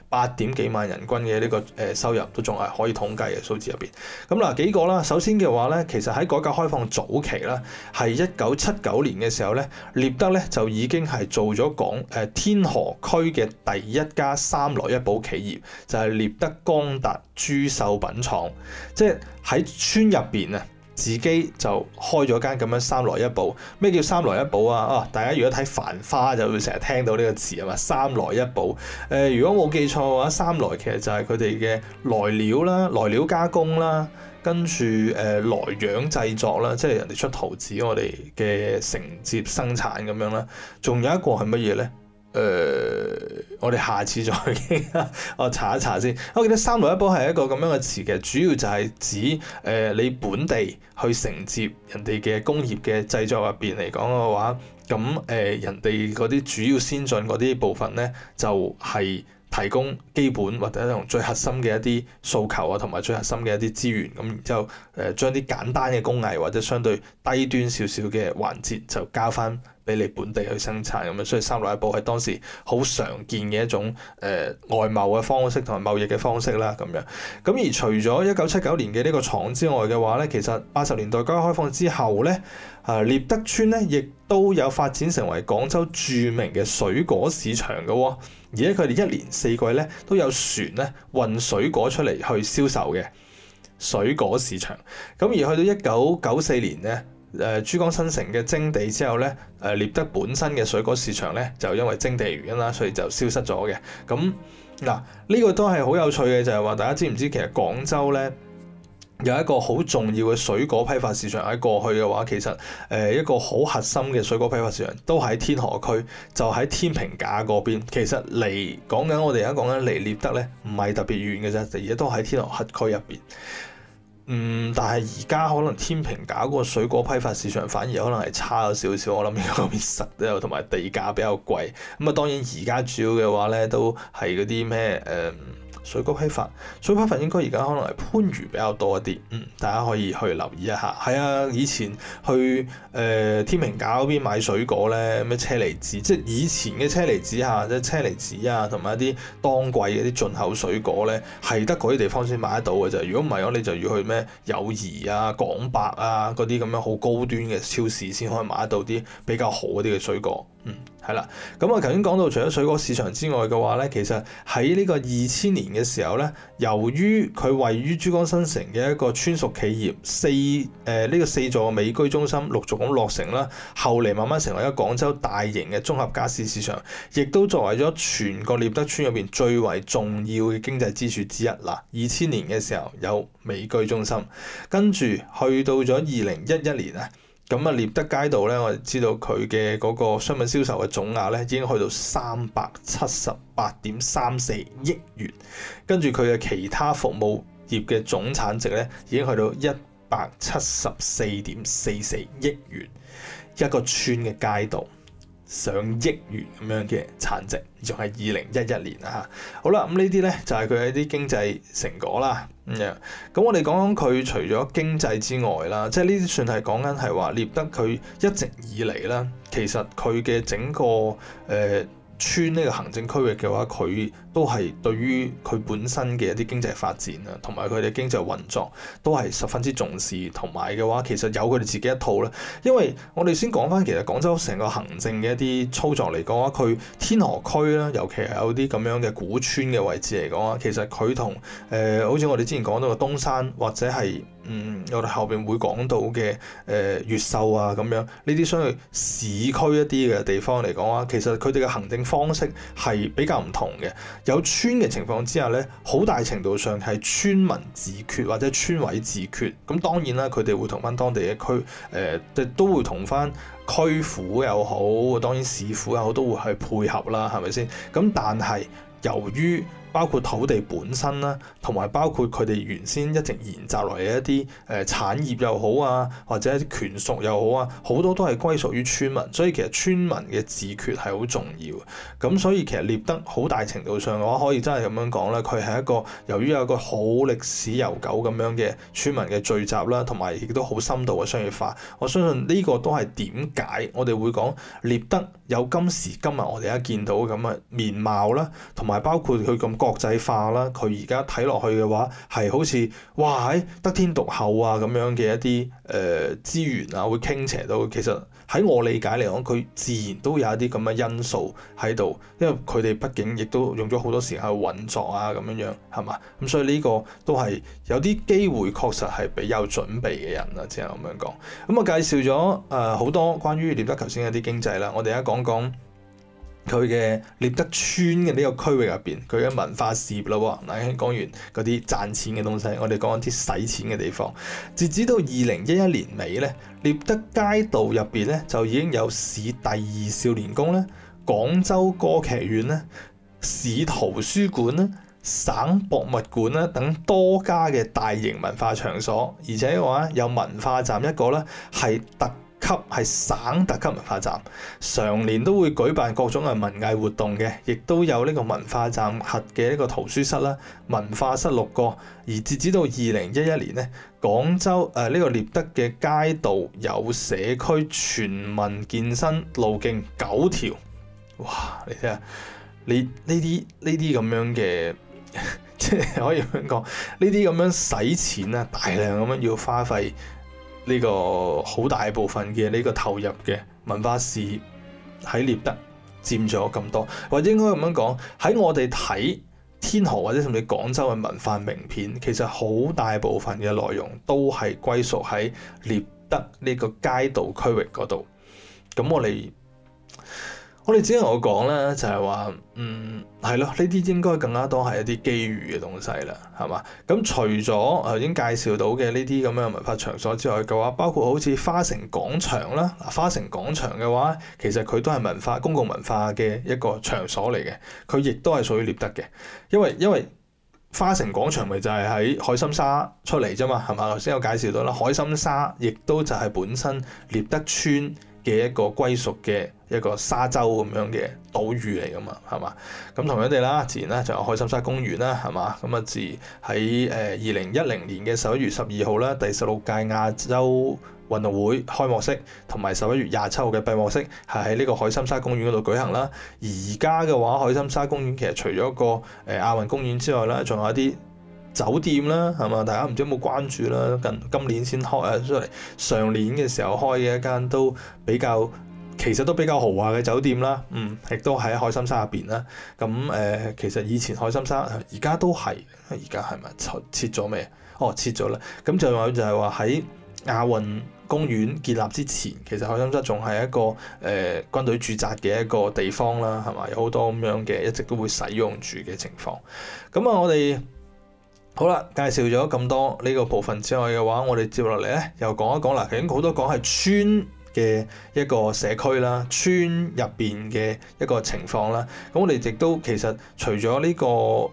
八點幾萬人均嘅呢個誒收入都仲係可以統計嘅數字入邊。咁嗱幾個啦，首先嘅話咧，其實喺改革開放早期啦，係一九七九年嘅時候咧，獵德咧就已經係做咗港誒、呃、天河區嘅第一家三來一補企業，就係、是、獵德光達珠繡品廠，即係喺村入邊啊！自己就開咗間咁樣三來一補，咩叫三來一補啊？啊，大家如果睇《繁花》就會成日聽到呢個詞啊嘛，三來一補。誒、呃，如果冇記錯嘅話，三來其實就係佢哋嘅來料啦、來料加工啦，跟住誒來樣製作啦，即係人哋出圖紙，我哋嘅承接生產咁樣啦。仲有一個係乜嘢呢？誒、呃，我哋下次再傾啦。我查一查先。我記得三來一補係一個咁樣嘅詞嘅，主要就係指誒、呃、你本地去承接人哋嘅工業嘅製作入邊嚟講嘅話，咁誒、呃、人哋嗰啲主要先進嗰啲部分咧，就係、是、提供基本或者同最核心嘅一啲訴求啊，同埋最核心嘅一啲資源。咁然之後誒將啲簡單嘅工藝或者相對低端少少嘅環節就交翻，俾你本地去生產咁樣，所以三來一補係當時好常見嘅一種誒、呃、外貿嘅方式同埋貿易嘅方式啦咁樣。咁而除咗一九七九年嘅呢個廠之外嘅話呢，其實八十年代開放之後呢，啊獵德村呢，亦都有發展成為廣州著名嘅水果市場嘅喎、哦。而且佢哋一年四季呢，都有船呢運水果出嚟去銷售嘅水果市場。咁而去到一九九四年呢。誒珠江新城嘅徵地之後咧，誒獵德本身嘅水果市場咧，就因為徵地原因啦，所以就消失咗嘅。咁嗱，呢個都係好有趣嘅，就係話大家知唔知其實廣州咧有一個好重要嘅水果批發市場，喺過去嘅話，其實誒一個好核心嘅水果批發市場都喺天河區，就喺天平架嗰邊。其實離講緊我哋而家講緊離獵德咧，唔係特別遠嘅啫，而家都喺天河轄區入邊。嗯，但係而家可能天平搞個水果批發市場，反而可能係差咗少少。我諗呢邊實都有，同埋地價比較貴。咁、嗯、啊，當然而家主要嘅話咧，都係嗰啲咩誒。呃水果批發，水果批發應該而家可能係番禺比較多一啲，嗯，大家可以去留意一下。係啊，以前去誒、呃、天平架嗰邊買水果咧，咩車厘子，即係以前嘅車厘子啊，即係車厘子啊，同埋一啲當季嘅啲進口水果咧，係得嗰啲地方先買得到嘅啫。如果唔係嘅，你就要去咩友誼啊、廣百啊嗰啲咁樣好高端嘅超市先可以買得到啲比較好啲嘅水果，嗯。係啦，咁啊、嗯，頭先講到除咗水果市場之外嘅話呢，其實喺呢個二千年嘅時候呢，由於佢位於珠江新城嘅一個村屬企業四誒呢、呃呢個四座美居中心陸續咁落成啦，後嚟慢慢成為咗廣州大型嘅綜合傢俬市，市場，亦都作為咗全個獵德村入邊最為重要嘅經濟支柱之一。嗱，二千年嘅時候有美居中心，跟住去到咗二零一一年啊。咁啊，獵德街道咧，我哋知道佢嘅嗰個商品銷售嘅總額咧，已經去到三百七十八點三四億元，跟住佢嘅其他服務業嘅總產值咧，已經去到一百七十四點四四億元，一個村嘅街道。上億元咁樣嘅產值，仲係二零一一年啊！好啦，咁呢啲咧就係、是、佢一啲經濟成果啦。咁樣，咁我哋講講佢除咗經濟之外啦，即係呢啲算係講緊係話獵德佢一直以嚟啦，其實佢嘅整個誒。呃村呢個行政區域嘅話，佢都係對於佢本身嘅一啲經濟發展啊，同埋佢哋經濟運作都係十分之重視，同埋嘅話其實有佢哋自己一套啦。因為我哋先講翻其實廣州成個行政嘅一啲操作嚟講話，佢天河區啦，尤其係有啲咁樣嘅古村嘅位置嚟講啊，其實佢同誒好似我哋之前講到嘅東山或者係。嗯，我哋後邊會講到嘅，誒、呃，越秀啊咁樣，呢啲相對市區一啲嘅地方嚟講啊，其實佢哋嘅行政方式係比較唔同嘅。有村嘅情況之下呢，好大程度上係村民自決或者村委自決。咁當然啦，佢哋會同翻當地嘅區，誒、呃，即都會同翻區府又好，當然市府又好，都會去配合啦，係咪先？咁但係由於包括土地本身啦，同埋包括佢哋原先一直研習嚟嘅一啲誒、呃、產業又好啊，或者權屬又好啊，好多都係歸屬於村民，所以其實村民嘅自決係好重要。咁所以其實獵德好大程度上嘅話可以真係咁樣講咧，佢係一個由於有一個好歷史悠久咁樣嘅村民嘅聚集啦，同埋亦都好深度嘅商業化。我相信呢個都係點解我哋會講獵德有今時今日我哋而家見到嘅咁嘅面貌啦，同埋包括佢咁國際化啦，佢而家睇落去嘅話，係好似哇得天獨厚啊咁樣嘅一啲誒、呃、資源啊，會傾斜到。其實喺我理解嚟講，佢自然都有一啲咁嘅因素喺度，因為佢哋畢竟亦都用咗好多時間去運作啊咁樣，係嘛？咁所以呢個都係有啲機會，確實係俾有準備嘅人只係咁樣講。咁啊，介紹咗誒好多關於獵德頭先一啲經濟啦，我哋而家講講。佢嘅獵德村嘅呢個區域入邊，佢嘅文化事業咯喎。嗱，講完嗰啲賺錢嘅東西，我哋講，講一啲使錢嘅地方。截止到二零一一年尾咧，獵德街道入邊咧就已經有市第二少年宮咧、廣州歌劇院咧、市圖書館咧、省博物館啦等多家嘅大型文化場所，而且嘅話有文化站一個咧係特級係省特級文化站，常年都會舉辦各種嘅文藝活動嘅，亦都有呢個文化站核嘅呢個圖書室啦、文化室六個。而截止到二零一一年呢，廣州誒呢、呃呢個獵德嘅街道有社區全民健身路徑九條。哇！你睇下，你呢啲呢啲咁樣嘅，即 係可以咁講？呢啲咁樣使錢啊，大量咁樣要花費。呢個好大部分嘅呢個投入嘅文化事業喺獵德佔咗咁多，或者應該咁樣講，喺我哋睇天河或者甚至廣州嘅文化名片，其實好大部分嘅內容都係歸屬喺獵德呢個街道區域嗰度。咁我哋。我哋只能我講咧就係話，嗯，係咯，呢啲應該更加多係一啲機遇嘅東西啦，係嘛？咁、嗯、除咗頭先介紹到嘅呢啲咁樣嘅文化場所之外嘅話，包括好似花城廣場啦，花城廣場嘅話，其實佢都係文化公共文化嘅一個場所嚟嘅，佢亦都係屬於獵德嘅，因為因為花城廣場咪就係喺海心沙出嚟啫嘛，係嘛？頭先我介紹到啦，海心沙亦都就係本身獵德村嘅一個歸屬嘅。一個沙洲咁樣嘅島嶼嚟㗎嘛，係嘛？咁同樣地啦，自然咧就有海心沙公園啦，係嘛？咁啊，自喺誒二零一零年嘅十一月十二號啦，第十六屆亞洲運動會開幕式同埋十一月廿七號嘅閉幕式係喺呢個海心沙公園嗰度舉行啦。而家嘅話，海心沙公園其實除咗個誒亞運公園之外啦，仲有一啲酒店啦，係嘛？大家唔知有冇關注啦？近今年先開啊出嚟，上年嘅時候開嘅一間都比較。其實都比較豪華嘅酒店啦，嗯，亦都喺海心沙入邊啦。咁誒、呃，其實以前海心沙，而家都係，而家係咪拆咗未？哦，拆咗啦。咁就係就係話喺亞運公園建立之前，其實海心沙仲係一個誒、呃、軍隊駐紮嘅一個地方啦，係嘛？有好多咁樣嘅一直都會使用住嘅情況。咁啊，我哋好啦，介紹咗咁多呢、這個部分之外嘅話，我哋接落嚟咧又講一講啦。其實好多講係村。嘅一個社區啦，村入邊嘅一個情況啦，咁我哋亦都其實除咗、這個呃、呢個誒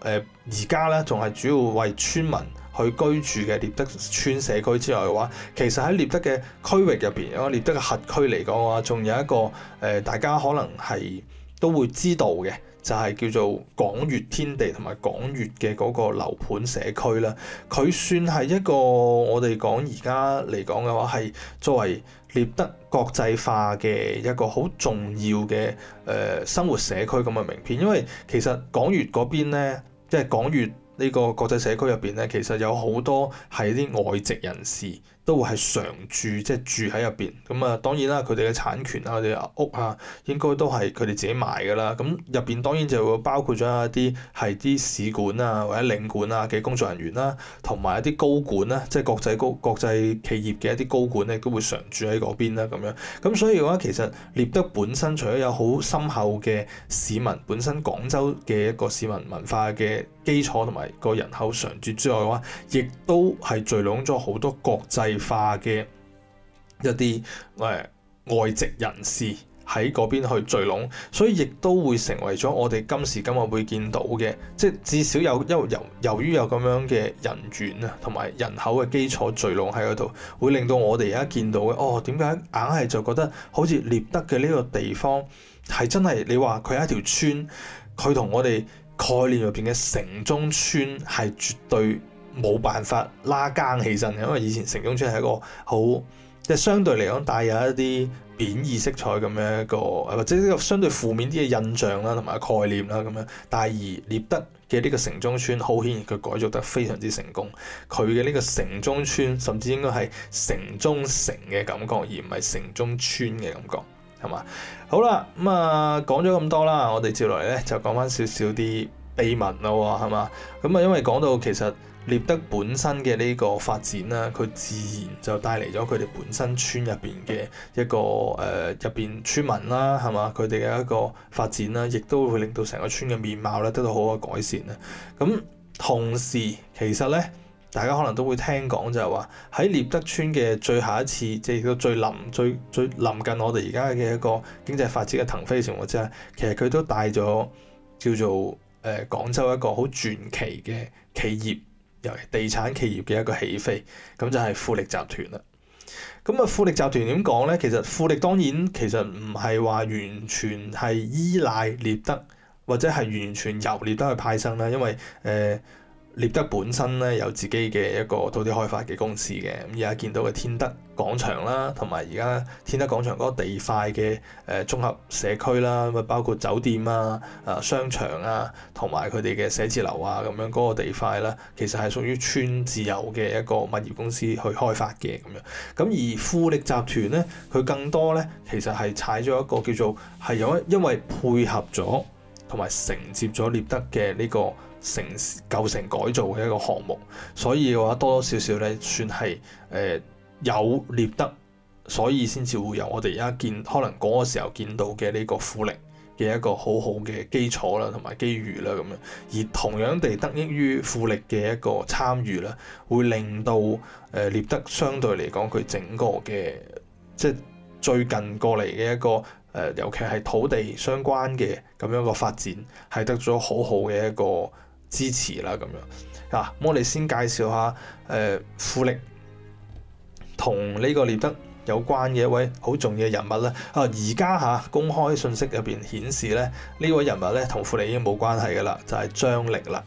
而家咧，仲係主要為村民去居住嘅獵德村社區之外嘅話，其實喺獵德嘅區域入邊，因為獵德嘅核區嚟講嘅話，仲有一個誒、呃、大家可能係都會知道嘅，就係、是、叫做廣粵天地同埋廣粵嘅嗰個樓盤社區啦。佢算係一個我哋講而家嚟講嘅話係作為。獵德國際化嘅一個好重要嘅誒生活社區咁嘅名片，因為其實港越嗰邊咧，即係港越呢個國際社區入邊咧，其實有好多係啲外籍人士。都會係常住，即係住喺入邊。咁啊，當然啦，佢哋嘅產權啊，佢哋屋啊，應該都係佢哋自己買㗎啦。咁入邊當然就會包括咗一啲係啲使館啊，或者領館啊嘅工作人員啦，同埋一啲高管啦，即係國際高國際企業嘅一啲高管咧，都會常住喺嗰邊啦，咁樣。咁所以嘅話，其實獵德本身除咗有好深厚嘅市民，本身廣州嘅一個市民文化嘅基礎同埋個人口常住之外嘅話，亦都係聚攏咗好多國際化嘅一啲誒外籍人士喺嗰邊去聚攏，所以亦都會成為咗我哋今時今日會見到嘅，即至少有因由由，由於有咁樣嘅人員啊，同埋人口嘅基礎聚攏喺嗰度，會令到我哋而家見到嘅哦，點解硬係就覺得好似獵德嘅呢個地方係真係你話佢係一條村，佢同我哋概念入邊嘅城中村係絕對冇辦法拉更起身嘅，因為以前城中村係一個好即係相對嚟講帶有一啲貶義色彩咁樣一個，或者一個相對負面啲嘅印象啦，同埋概念啦咁樣。但係而獵德嘅呢個城中村，好顯然佢改造得非常之成功。佢嘅呢個城中村，甚至應該係城中城嘅感覺，而唔係城中村嘅感覺。係嘛？好啦，咁、嗯、啊，講咗咁多啦，我哋接落嚟咧就講翻少少啲秘聞咯，係嘛？咁啊，因為講到其實獵德本身嘅呢個發展啦，佢自然就帶嚟咗佢哋本身村入邊嘅一個誒，入、呃、邊村民啦，係嘛？佢哋嘅一個發展啦，亦都會令到成個村嘅面貌咧得到好好改善啦。咁、嗯、同時，其實咧。大家可能都會聽講就係話喺獵德村嘅最後一次，即係到最臨、最最臨近我哋而家嘅一個經濟發展嘅騰飛嘅情況之下，其實佢都帶咗叫做誒、呃、廣州一個好傳奇嘅企業，尤其地產企業嘅一個起飛，咁就係富力集團啦。咁啊，富力集團點講呢？其實富力當然其實唔係話完全係依賴獵德，或者係完全由獵德去派生啦，因為誒。呃獵德本身咧有自己嘅一個土地開發嘅公司嘅，咁而家見到嘅天德廣場啦，同埋而家天德廣場嗰個地塊嘅誒綜合社區啦，咁啊包括酒店啊、啊商場啊，同埋佢哋嘅寫字樓啊咁樣嗰個地塊啦，其實係屬於村自有嘅一個物業公司去開發嘅咁樣。咁而富力集團咧，佢更多咧其實係踩咗一個叫做係有因為配合咗同埋承接咗獵德嘅呢個。城舊城改造嘅一個項目，所以嘅話多多少少咧，算係誒、呃、有獵德，所以先至會有我哋而家見可能嗰個時候見到嘅呢個富力嘅一個好好嘅基礎啦，同埋機遇啦咁樣。而同樣地得益於富力嘅一個參與啦，會令到誒獵、呃、德相對嚟講，佢整個嘅即係最近過嚟嘅一個誒、呃，尤其係土地相關嘅咁樣一個發展係得咗好好嘅一個。支持啦咁樣嗱，啊、咁我哋先介紹下誒、呃、富力同呢個獵德有關嘅一位好重要嘅人物咧、啊。啊，而家嚇公開信息入邊顯示咧，呢位人物咧同富力已經冇關係噶啦，就係張力啦。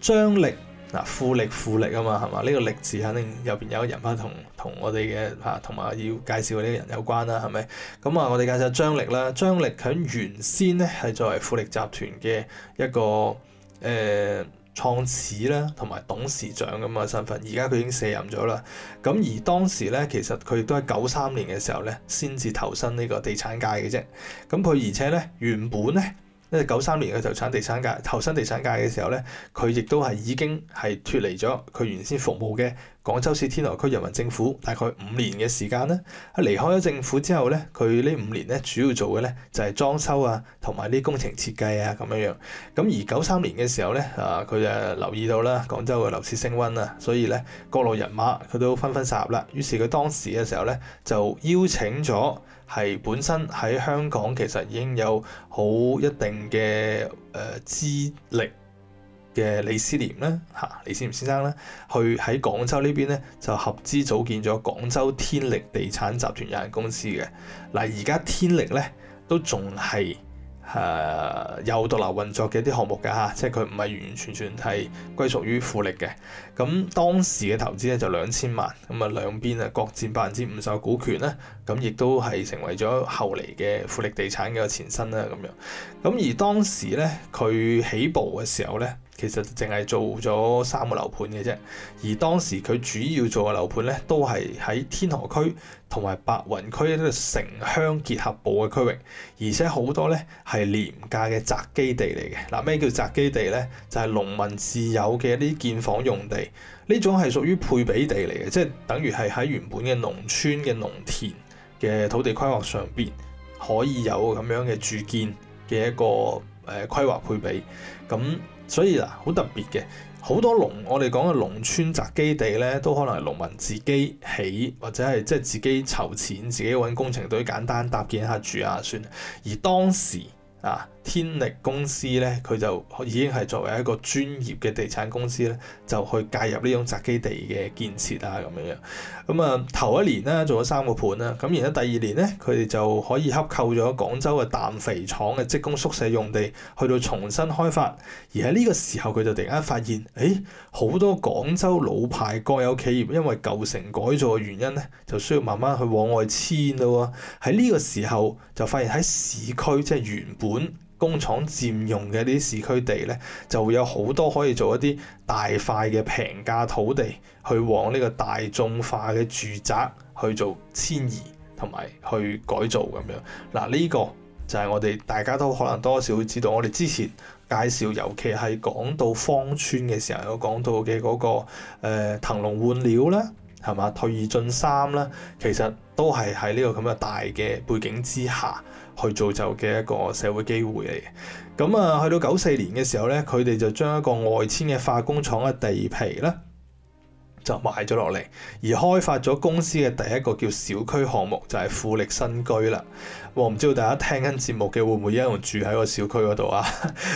張力嗱，富力富力啊嘛，係嘛？呢個力字肯定入邊有人物同同我哋嘅嚇同埋要介紹嘅呢個人有關啦，係咪？咁啊，我哋介紹張力啦。張力喺原先咧係作為富力集團嘅一個。誒、呃、創始咧，同埋董事長咁嘅身份，而家佢已經卸任咗啦。咁而當時咧，其實佢亦都喺九三年嘅時候咧，先至投身呢個地產界嘅啫。咁佢而且咧，原本咧，喺九三年去投產地產界，投身地產界嘅時候咧，佢亦都係已經係脫離咗佢原先服務嘅。廣州市天河區人民政府，大概五年嘅時間咧，啊，離開咗政府之後呢，佢呢五年咧，主要做嘅呢就係裝修啊，同埋啲工程設計啊咁樣樣。咁而九三年嘅時候呢，啊，佢就留意到啦，廣州嘅樓市升溫啊，所以呢各路人馬佢都紛紛殺入啦。於是佢當時嘅時候呢，就邀請咗係本身喺香港其實已經有好一定嘅誒、呃、資歷嘅李思廉咧嚇，李思廉先生咧，去喺廣州呢邊咧就合資組建咗廣州天力地產集團有限公司嘅嗱。而家天力咧都仲係誒有獨立運作嘅一啲項目嘅嚇，啊，即係佢唔係完完全全係歸屬於富力嘅。咁當時嘅投資咧就兩千萬，咁啊兩邊啊各佔百分之五十嘅股權咧，咁亦都係成為咗後嚟嘅富力地產嘅前身啦。咁樣，咁而當時咧佢起步嘅時候咧。其實淨係做咗三個樓盤嘅啫，而當時佢主要做嘅樓盤咧，都係喺天河區同埋白雲區呢個城鄉結合部嘅區域，而且好多咧係廉價嘅宅基地嚟嘅。嗱，咩叫宅基地咧？就係農民自有嘅呢啲建房用地，呢種係屬於配比地嚟嘅，即係等於係喺原本嘅農村嘅農田嘅土地規劃上邊可以有咁樣嘅住建嘅一個誒規劃配比，咁。所以啊，好特別嘅，好多農我哋講嘅農村宅基地咧，都可能係農民自己起，或者係即係自己籌錢，自己揾工程隊簡單搭建下住啊算。而當時啊，天力公司咧，佢就已經係作為一個專業嘅地產公司咧，就去介入呢種宅基地嘅建設啊，咁樣樣。咁啊，頭一年咧做咗三個盤啦，咁然之後第二年咧，佢哋就可以洽購咗廣州嘅氮肥廠嘅職工宿舍用地，去到重新開發。而喺呢個時候，佢就突然間發現，誒好多廣州老牌國有企業因為舊城改造嘅原因咧，就需要慢慢去往外遷咯、哦。喺呢個時候就發現喺市區即係原本，工廠佔用嘅啲市區地呢，就會有好多可以做一啲大塊嘅平價土地，去往呢個大眾化嘅住宅去做遷移同埋去改造咁樣。嗱、啊，呢、這個就係我哋大家都可能多少會知道，我哋之前介紹，尤其係講到芳村嘅時候，有講到嘅嗰、那個誒騰、呃、籠換鳥啦，係嘛退二進三啦，其實都係喺呢個咁嘅大嘅背景之下。去造就嘅一個社會機會嚟，咁啊，去到九四年嘅時候呢，佢哋就將一個外遷嘅化工廠嘅地皮呢，就買咗落嚟，而開發咗公司嘅第一個叫小區項目，就係富力新居啦。我唔、哦、知道大家聽緊節目嘅會唔會一路住喺個小區嗰度啊，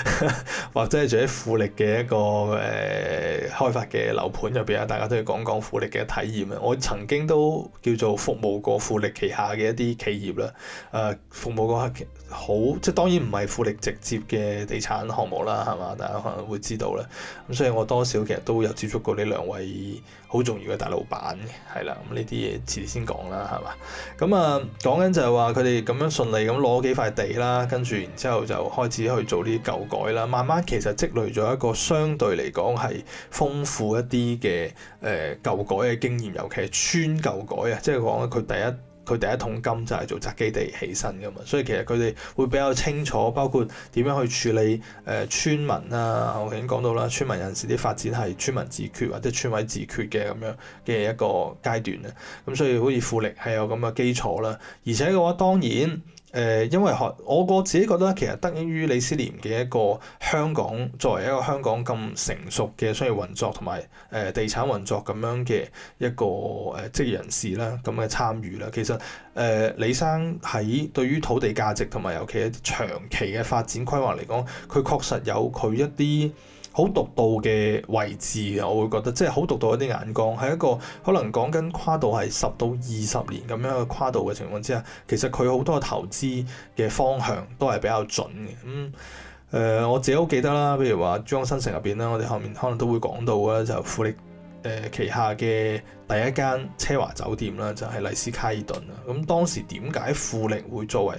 或者係住喺富力嘅一個誒、呃、開發嘅樓盤入邊啊？大家都要講講富力嘅體驗啊！我曾經都叫做服務過富力旗下嘅一啲企業啦，誒、呃、服務過好即係當然唔係富力直接嘅地產項目啦，係嘛？大家可能會知道啦。咁所以我多少其實都有接觸過呢兩位。好重要嘅大老闆，嘅，係啦，咁呢啲嘢遲啲先講啦，係嘛？咁啊，講緊就係話佢哋咁樣順利咁攞幾塊地啦，跟住然之後就開始去做呢啲舊改啦，慢慢其實積累咗一個相對嚟講係豐富一啲嘅誒舊改嘅經驗，尤其係村舊改啊，即係講佢第一。佢第一桶金就係做宅基地起身噶嘛，所以其實佢哋會比較清楚，包括點樣去處理誒、呃、村民啊，我已經講到啦，村民人士啲發展係村民自決或者村委自決嘅咁樣嘅一個階段啊，咁所以好似富力係有咁嘅基礎啦，而且嘅話當然。誒，因為學我自己覺得，其實得益於李思廉嘅一個香港作為一個香港咁成熟嘅商業運作同埋誒地產運作咁樣嘅一個誒職業人士啦，咁嘅參與啦，其實誒李生喺對於土地價值同埋尤其係長期嘅發展規劃嚟講，佢確實有佢一啲，好獨到嘅位置嘅，我會覺得即係好獨到一啲眼光，係一個可能講緊跨度係十到二十年咁樣嘅跨度嘅情況之下，其實佢好多投資嘅方向都係比較準嘅。咁、嗯、誒、呃，我自己都記得啦，譬如話珠江新城入邊咧，我哋後面可能都會講到啦，就富力誒、呃、旗下嘅第一間奢華酒店啦，就係麗斯卡爾頓啦。咁、嗯、當時點解富力會作為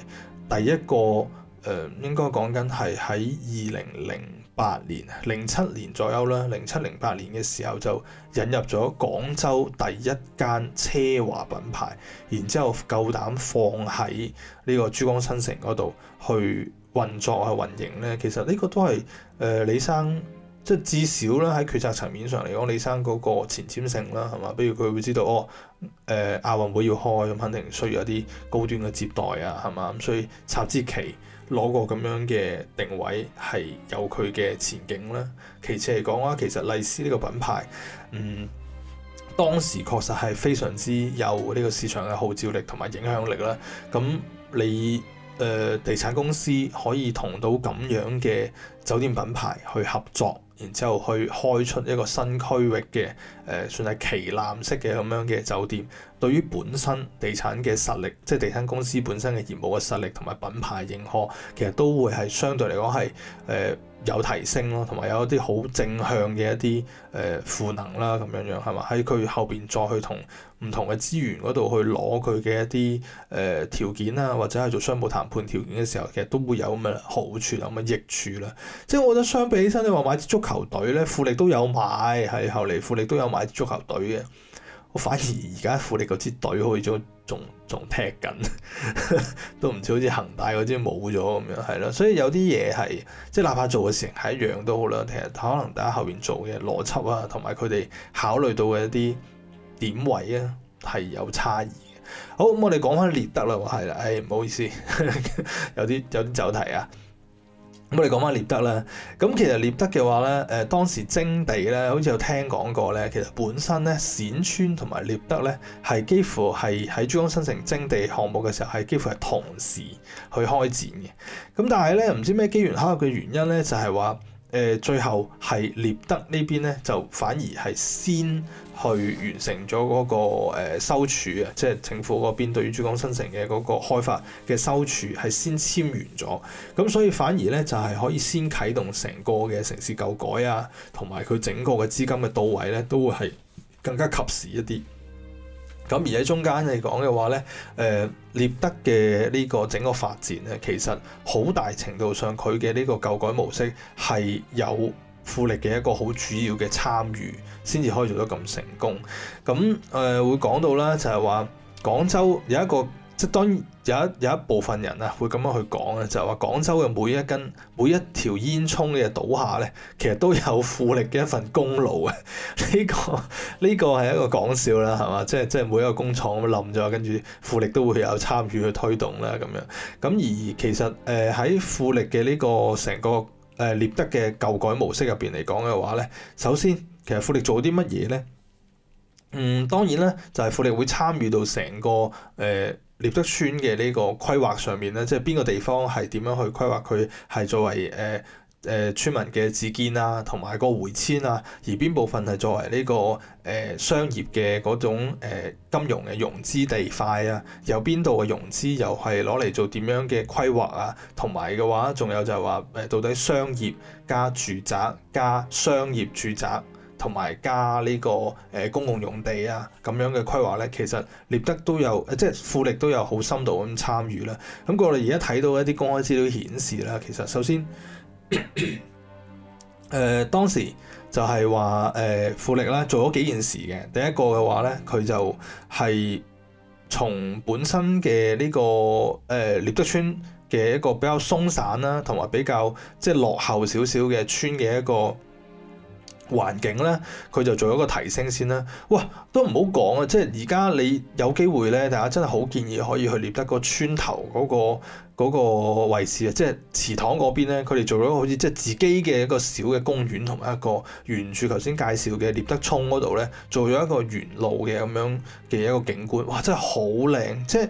第一個誒、呃，應該講緊係喺二零零八年，零七年左右啦，零七零八年嘅時候就引入咗廣州第一間奢華品牌，然之後夠膽放喺呢個珠江新城嗰度去運作，去運營咧。其實呢個都係誒、呃、李生，即係至少啦喺決策層面上嚟講，李生嗰個前瞻性啦，係嘛？比如佢會知道哦，誒亞運會要開咁，肯定需要一啲高端嘅接待啊，係嘛？咁所以插支旗。攞個咁樣嘅定位係有佢嘅前景啦。其次嚟講啊，其實麗思呢個品牌，嗯，當時確實係非常之有呢個市場嘅號召力同埋影響力啦。咁你誒、呃、地產公司可以同到咁樣嘅酒店品牌去合作，然之後去開出一個新區域嘅誒、呃，算係旗艦式嘅咁樣嘅酒店。對於本身地產嘅實力，即係地產公司本身嘅業務嘅實力同埋品牌認可，其實都會係相對嚟講係誒有提升咯，同埋有一啲好正向嘅一啲誒賦能啦，咁樣樣係嘛？喺佢後邊再去同唔同嘅資源嗰度去攞佢嘅一啲誒、呃、條件啊，或者係做商務談判條件嘅時候，其實都會有咁嘅好處，有咁嘅益處啦。即係我覺得相比起身，你話買支足球隊咧，富力都有買，係後嚟富力都有買支足球隊嘅。我反而而家富力嗰支隊好似仲仲踢緊， 都唔似好似恒大嗰支冇咗咁樣，係咯。所以有啲嘢係即係哪怕做嘅事情係一樣都好啦，其實可能大家後邊做嘅邏輯啊，同埋佢哋考慮到嘅一啲點位啊，係有差異。好，我哋講翻獵德啦，我係啦，誒、哎、唔好意思， 有啲有啲走題啊。咁我哋講翻獵德啦，咁其實獵德嘅話咧，誒當時徵地咧，好似有聽講過咧，其實本身咧，冼村同埋獵德咧，係幾乎係喺珠江新城徵地項目嘅時候，係幾乎係同時去開展嘅。咁但係咧，唔知咩機緣巧合嘅原因咧，就係話。誒最後係獵德呢邊咧，就反而係先去完成咗嗰個誒收儲啊，即係政府嗰邊對於珠江新城嘅嗰個開發嘅收儲係先簽完咗，咁所以反而咧就係可以先啟動成個嘅城市舊改啊，同埋佢整個嘅資金嘅到位咧，都會係更加及時一啲。咁而喺中間嚟講嘅話咧，誒、呃、獵德嘅呢個整個發展咧，其實好大程度上佢嘅呢個舊改模式係有富力嘅一個好主要嘅參與，先至可以做得咁成功。咁、嗯、誒、呃、會講到啦，就係話廣州有一個。即係當然有一有一部分人啊，會咁樣去講啊，就話、是、廣州嘅每一根每一條煙囪嘅倒下咧，其實都有富力嘅一份功勞嘅。呢、 呢個呢、呢個係一個講笑啦，係嘛？即係即係每一個工廠咁冧咗，跟住富力都會有參與去推動啦咁樣。咁而其實誒喺、呃、富力嘅呢、呢個成個誒獵、呃、德嘅舊改模式入邊嚟講嘅話咧，首先其實富力做啲乜嘢咧？嗯，當然啦，就係、是、富力會參與到成個誒。呃獵德村嘅呢個規劃上面咧，即係邊個地方係點樣去規劃佢係作為誒誒、呃呃、村民嘅自建啊，同埋嗰個回遷啊。而邊部分係作為呢、呢個誒、呃、商業嘅嗰種、呃、金融嘅融資地塊啊？有邊度嘅融資又係攞嚟做點樣嘅規劃啊？同埋嘅話，仲有就係話誒，到底商業加住宅加商業住宅？同埋加呢、這個誒、呃、公共用地啊咁樣嘅規劃咧，其實獵德都有，即係富力都有好深度咁參與啦。咁我哋而家睇到一啲公開資料顯示啦，其實首先誒、呃、當時就係話誒富力咧做咗幾件事嘅。第一個嘅話咧，佢就係從本身嘅呢、這個誒獵、呃、德村嘅一個比較鬆散啦，同埋比較即係落後少少嘅村嘅一個。環境咧，佢就做咗一個提升先啦。哇，都唔好講啊！即係而家你有機會咧，大家真係好建議可以去獵德嗰個村頭嗰個嗰個位置啊！即係祠堂嗰邊咧，佢哋做咗一個好似即係自己嘅一個小嘅公園同埋一個沿住頭先介紹嘅獵德涌嗰度咧，做咗一個沿路嘅咁樣嘅一個景觀。哇，真係好靚！即係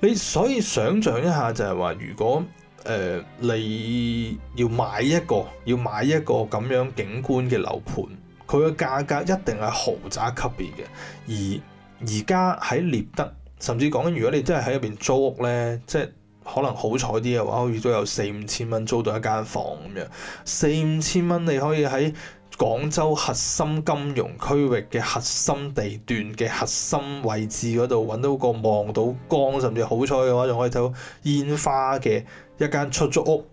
你所以想像一下就係話，如果誒、呃，你要買一個，要買一個咁樣景觀嘅樓盤，佢嘅價格一定係豪宅級別嘅。而而家喺獵德，甚至講緊，如果你真係喺入邊租屋咧，即係可能好彩啲嘅話，好似都有四五千蚊租到一間房咁樣，四五千蚊你可以喺廣州核心金融區域嘅核心地段嘅核心位置嗰度揾到個望到江，甚至好彩嘅話仲可以睇到煙花嘅一間出租屋，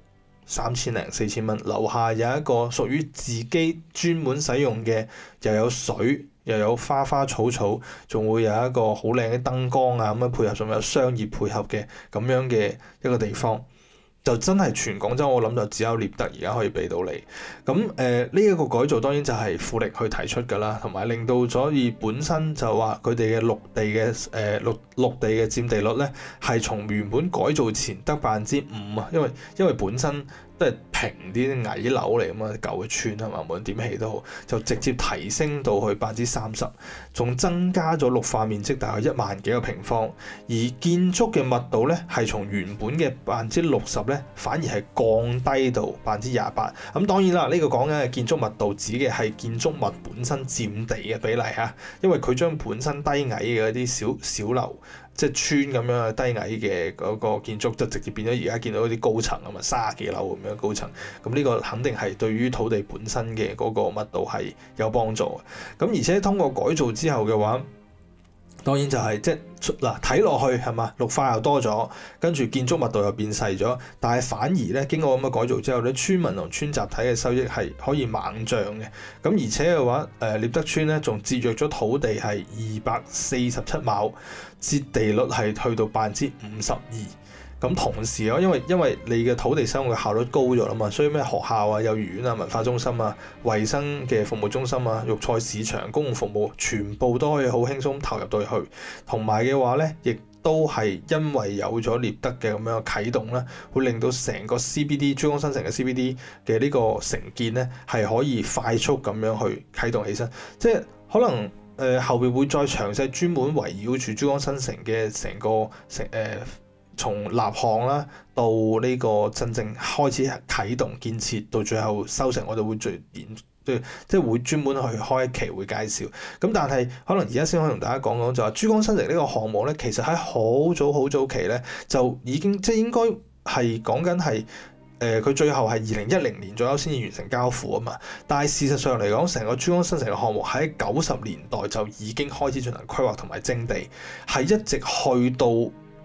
三千零四千蚊。樓下有一個屬於自己專門使用嘅，又有水，又有花花草草，仲會有一個好靚嘅燈光啊，咁樣配合，仲有商業配合嘅咁樣嘅一個地方。就真係全廣州，我諗就只有獵德而家可以俾到你。咁誒，呢一個改造當然就係富力去提出㗎啦，同埋令到所以本身就話佢哋嘅陸地嘅誒陸陸地嘅佔地率咧，係從原本改造前得百分之五啊，因為因為本身。都係平啲矮樓嚟咁啊，舊嘅村啊嘛，無論點起都好，就直接提升到去百分之三十，仲增加咗綠化面積大概一萬幾個平方，而建築嘅密度呢，係從原本嘅百分之六十呢，反而係降低到百分之廿八。咁、嗯、當然啦，呢、呢個講緊嘅建築密度指嘅係建築物本身佔地嘅比例嚇，因為佢將本身低矮嘅一啲小小樓。即係村咁樣低矮嘅嗰個建築，就直接變咗而家見到啲高層啊嘛，卅幾樓咁樣高層。咁呢個肯定係對於土地本身嘅嗰個密度係有幫助。咁而且通過改造之後嘅話，當然就係、是、即係嗱睇落去係嘛綠化又多咗，跟住建築密度又變細咗，但係反而咧經過咁嘅改造之後咧，村民同村集體嘅收益係可以猛漲嘅。咁而且嘅話，誒、呃、獵德村咧仲節約咗土地係二百四十七畝。接地率係去到百分之五十二，咁同時咯，因為因為你嘅土地使用嘅效率高咗啦嘛，所以咩學校啊、幼兒園啊、文化中心啊、衞生嘅服務中心啊、肉菜市場、公共服務，全部都可以好輕鬆投入到去。同埋嘅話呢，亦都係因為有咗獵德嘅咁樣啟動啦，會令到成個 CBD 珠江新城嘅 CBD 嘅呢個城建呢，係可以快速咁樣去啟動起身，即係可能。誒、呃、後邊會再詳細專門圍繞住珠江新城嘅成個成誒、呃，從立項啦到呢個真正開始啟動建設，到最後收成，我哋會最點即即係會專門去開一期會介紹。咁、嗯、但係可能而家先可以同大家講講，就係、是、珠江新城呢個項目咧，其實喺好早好早期咧，就已經即應該係講緊係。誒佢、呃、最後係二零一零年左右先至完成交付啊嘛，但係事實上嚟講，成個珠江新城嘅項目喺九十年代就已經開始進行規劃同埋徵地，係一直去到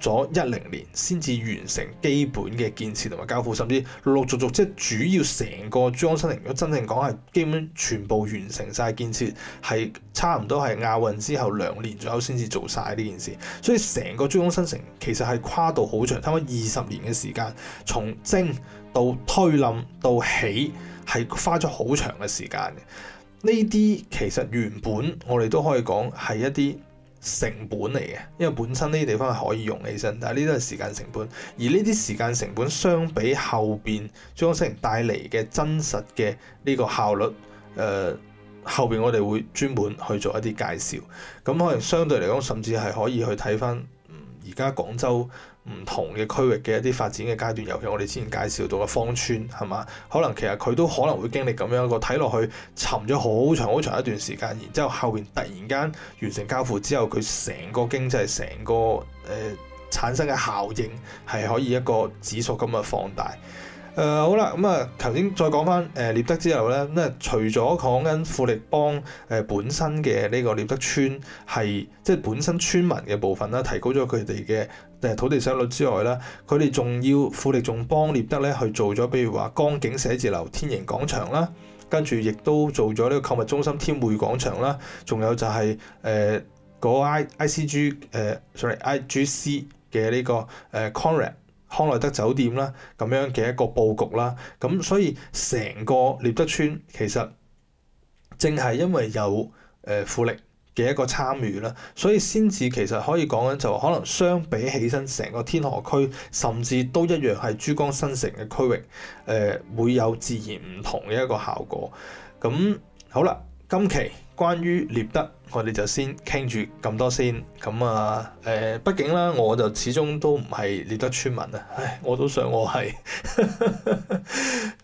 咗一零年先至完成基本嘅建設同埋交付，甚至陸陸續續即係主要成個珠江新城如果真正講係基本全部完成晒建設，係差唔多係亞運之後兩年左右先至做晒呢件事，所以成個珠江新城其實係跨度好長，差唔多二十年嘅時間從徵。到推冧到起係花咗好長嘅時間嘅，呢啲其實原本我哋都可以講係一啲成本嚟嘅，因為本身呢啲地方係可以用起身，但係呢啲係時間成本，而呢啲時間成本相比後邊裝飾帶嚟嘅真實嘅呢個效率，誒、呃、後邊我哋會專門去做一啲介紹，咁可能相對嚟講，甚至係可以去睇返，而家廣州。唔同嘅區域嘅一啲發展嘅階段，尤其我哋之前介紹到嘅芳村係嘛，可能其實佢都可能會經歷咁樣一個睇落去沉咗好長好長一段時間，然之後後邊突然間完成交付之後，佢成個經濟、成個誒、呃、產生嘅效應係可以一個指數咁嘅放大。誒、呃、好啦，咁啊頭先再講翻誒獵德之後咧，咁啊除咗講緊富力幫誒、呃、本身嘅呢個獵德村係即係本身村民嘅部分啦，提高咗佢哋嘅，土地寫字樓之外咧，佢哋仲要富力仲幫獵德咧去做咗，比如話江景寫字樓天盈廣場啦，跟住亦都做咗呢個購物中心天匯廣場啦，仲有就係誒嗰 I ICG 誒，sorry IGC 嘅呢、呢個誒、呃、Conrad 康萊德酒店啦，咁樣嘅一個佈局啦，咁所以成個獵德村其實正係因為有誒、呃、富力。嘅一個參與啦，所以先至其實可以講緊就話、可能相比起身成個天河區，甚至都一樣係珠江新城嘅區域，誒、呃、會有自然唔同嘅一個效果。咁好啦，今期關於獵德。我哋就先傾住咁多先，咁啊，誒、呃，畢竟啦，我就始終都唔係獵德村民啊，唉，我都想我係，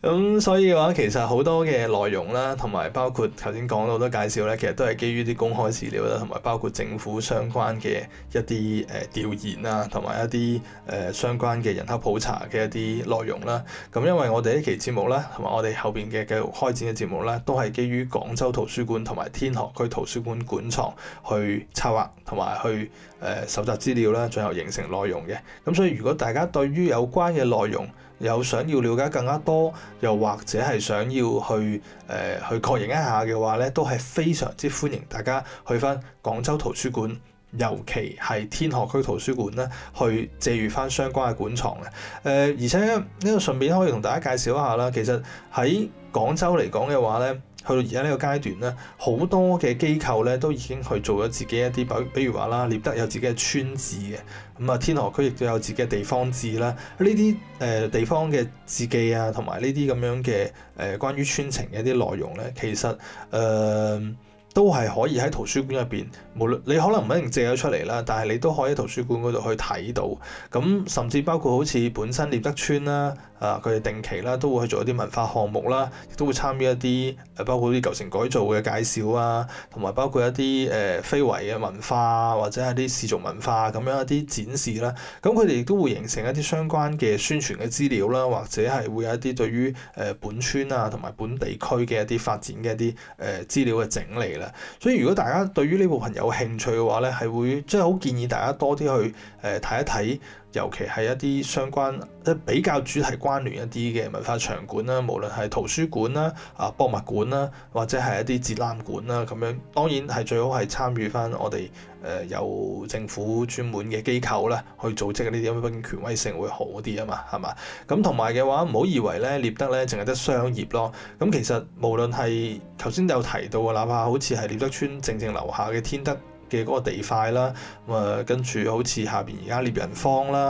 咁 所以嘅話，其實好多嘅內容啦，同埋包括頭先講到好多介紹咧，其實都係基於啲公開資料啦，同埋包括政府相關嘅一啲誒調研啊，同埋一啲誒、呃、相關嘅人口普查嘅一啲內容啦。咁、啊、因為我哋呢期節目啦，同埋我哋後邊嘅繼續開展嘅節目咧，都係基於廣州圖書館同埋天河區圖書館館。館藏去策劃同埋去誒搜、呃、集資料啦，最後形成內容嘅。咁所以如果大家對於有關嘅內容又想要了解更加多，又或者係想要去誒、呃、去確認一下嘅話咧，都係非常之歡迎大家去翻廣州圖書館，尤其係天河區圖書館啦，去借閱翻相關嘅館藏嘅。誒、呃，而且呢個順便可以同大家介紹一下啦，其實喺廣州嚟講嘅話咧。去到而家呢個階段咧，好多嘅機構咧都已經去做咗自己一啲比，比如話啦，獵德有自己嘅村志嘅，咁啊，天河區亦都有自己嘅地方志啦。呢啲誒地方嘅志記啊，同埋呢啲咁樣嘅誒、呃、關於村情嘅一啲內容咧，其實誒。呃都係可以喺圖書館入邊，無論你可能唔一定借咗出嚟啦，但係你都可以喺圖書館嗰度去睇到。咁甚至包括好似本身獵德村啦，啊佢哋定期啦都會去做一啲文化項目啦，亦都會參與一啲誒包括啲舊城改造嘅介紹啊，同埋包括一啲誒、呃、非遺嘅文化或者係啲氏族文化咁樣一啲展示啦。咁佢哋亦都會形成一啲相關嘅宣傳嘅資料啦，或者係會有一啲對於誒本村啊同埋本地區嘅一啲發展嘅一啲誒、呃、資料嘅整理啦。所以如果大家對於呢部分有興趣嘅話咧，係會即係好建議大家多啲去誒睇、呃、一睇。尤其係一啲相關即比較主題關聯一啲嘅文化場館啦，無論係圖書館啦、啊博物館啦，或者係一啲展覽館啦咁樣，當然係最好係參與翻我哋誒由政府專門嘅機構啦去組織嘅呢啲，因為畢竟權威性會好啲啊嘛，係嘛？咁同埋嘅話唔好以為咧獵德咧淨係得商業咯，咁其實無論係頭先都有提到啊，哪怕好似係獵德村正正樓下嘅天德嘅嗰個地塊啦，咁、嗯、啊跟住好似下邊而家獵人坊啦，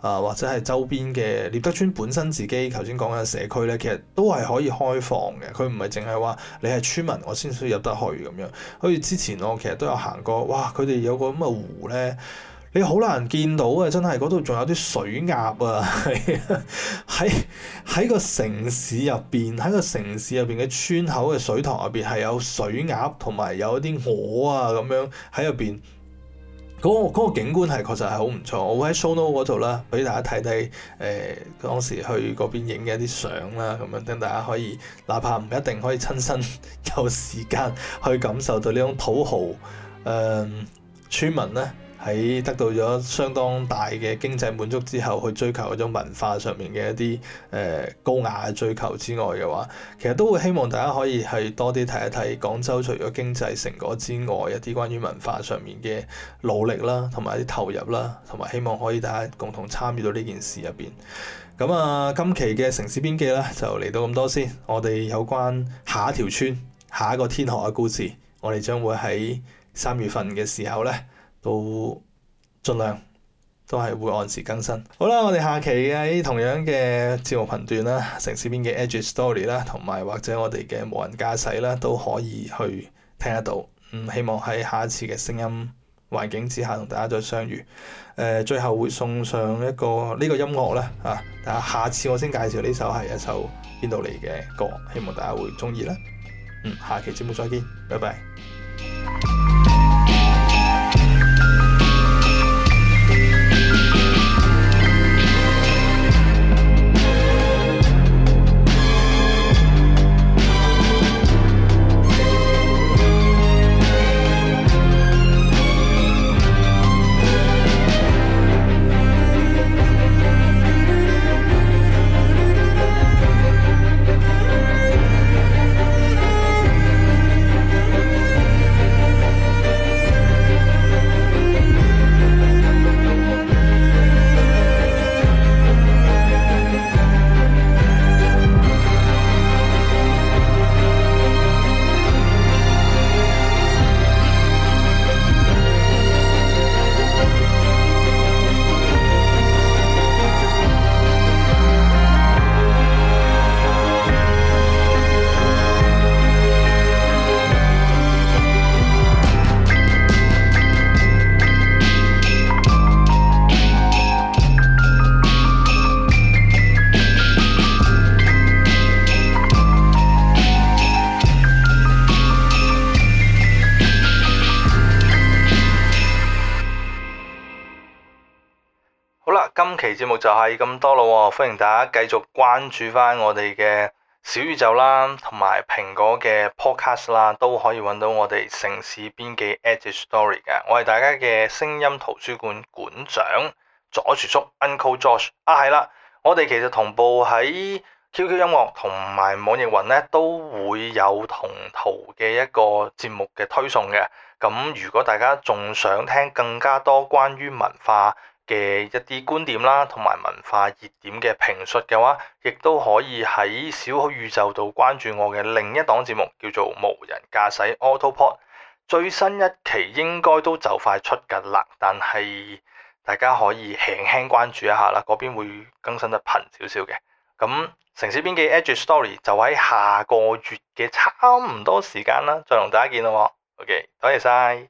啊、呃、或者係周邊嘅獵德村本身自己頭先講嘅社區咧，其實都係可以開放嘅。佢唔係淨係話你係村民我先可以入得去咁樣。好似之前我其實都有行過，哇！佢哋有個咁嘅湖咧，你好難見到啊！真係嗰度仲有啲水鴨啊，係。喺喺個城市入邊，喺個城市入邊嘅村口嘅水塘入邊係有水鴨同埋有一啲鵝啊，咁樣喺入邊，嗰、嗰個嗰個景觀係確實係好唔錯。我會喺 Suno 嗰度啦，俾大家睇睇誒當時去嗰邊影嘅一啲相啦，咁樣等大家可以，哪怕唔一定可以親身有時間去感受到呢種土豪誒、呃、村民咧，喺得到咗相當大嘅經濟滿足之後，去追求嗰種文化上面嘅一啲誒、呃、高雅嘅追求之外嘅話，其實都會希望大家可以係多啲睇一睇廣州除咗經濟成果之外一啲關於文化上面嘅努力啦，同埋一啲投入啦，同埋希望可以大家共同參與到呢件事入邊。咁啊，今期嘅城事邊記咧就嚟到咁多先。我哋有關下一條村、下一個天河嘅故事，我哋將會喺三月份嘅時候咧。都盡量都係會按時更新。好啦，我哋下期嘅同樣嘅節目頻段啦，城事邊記 Edge Story 啦，同埋或者我哋嘅無人駕駛啦，都可以去聽得到。嗯，希望喺下一次嘅聲音環境之下同大家再相遇。誒、呃，最後會送上一個呢、呢個音樂啦、啊，大家下次我先介紹呢首係一首邊度嚟嘅歌，希望大家會中意啦。嗯，下期節目再見，拜拜。係咁多咯，歡迎大家繼續關注翻我哋嘅小宇宙啦，同埋蘋果嘅 Podcast 啦，都可以揾到我哋城事邊記 Edge Story 嘅。我係大家嘅聲音圖書館館長左薯叔 Uncle Josh。啊，係啦，我哋其實同步喺 QQ 音樂同埋網易雲呢，都會有同圖嘅一個節目嘅推送嘅。咁如果大家仲想聽更加多關於文化，嘅一啲觀點啦，同埋文化熱點嘅評述嘅話，亦都可以喺小宇宙度關注我嘅另一檔節目，叫做無人駕駛 AutoPod。最新一期應該都就快出㗎喇，但係大家可以輕輕關注一下啦，嗰邊會更新得頻少少嘅。咁城事邊記 Edge Story 就喺下個月嘅差唔多時間啦，再同大家見咯。OK，多謝晒。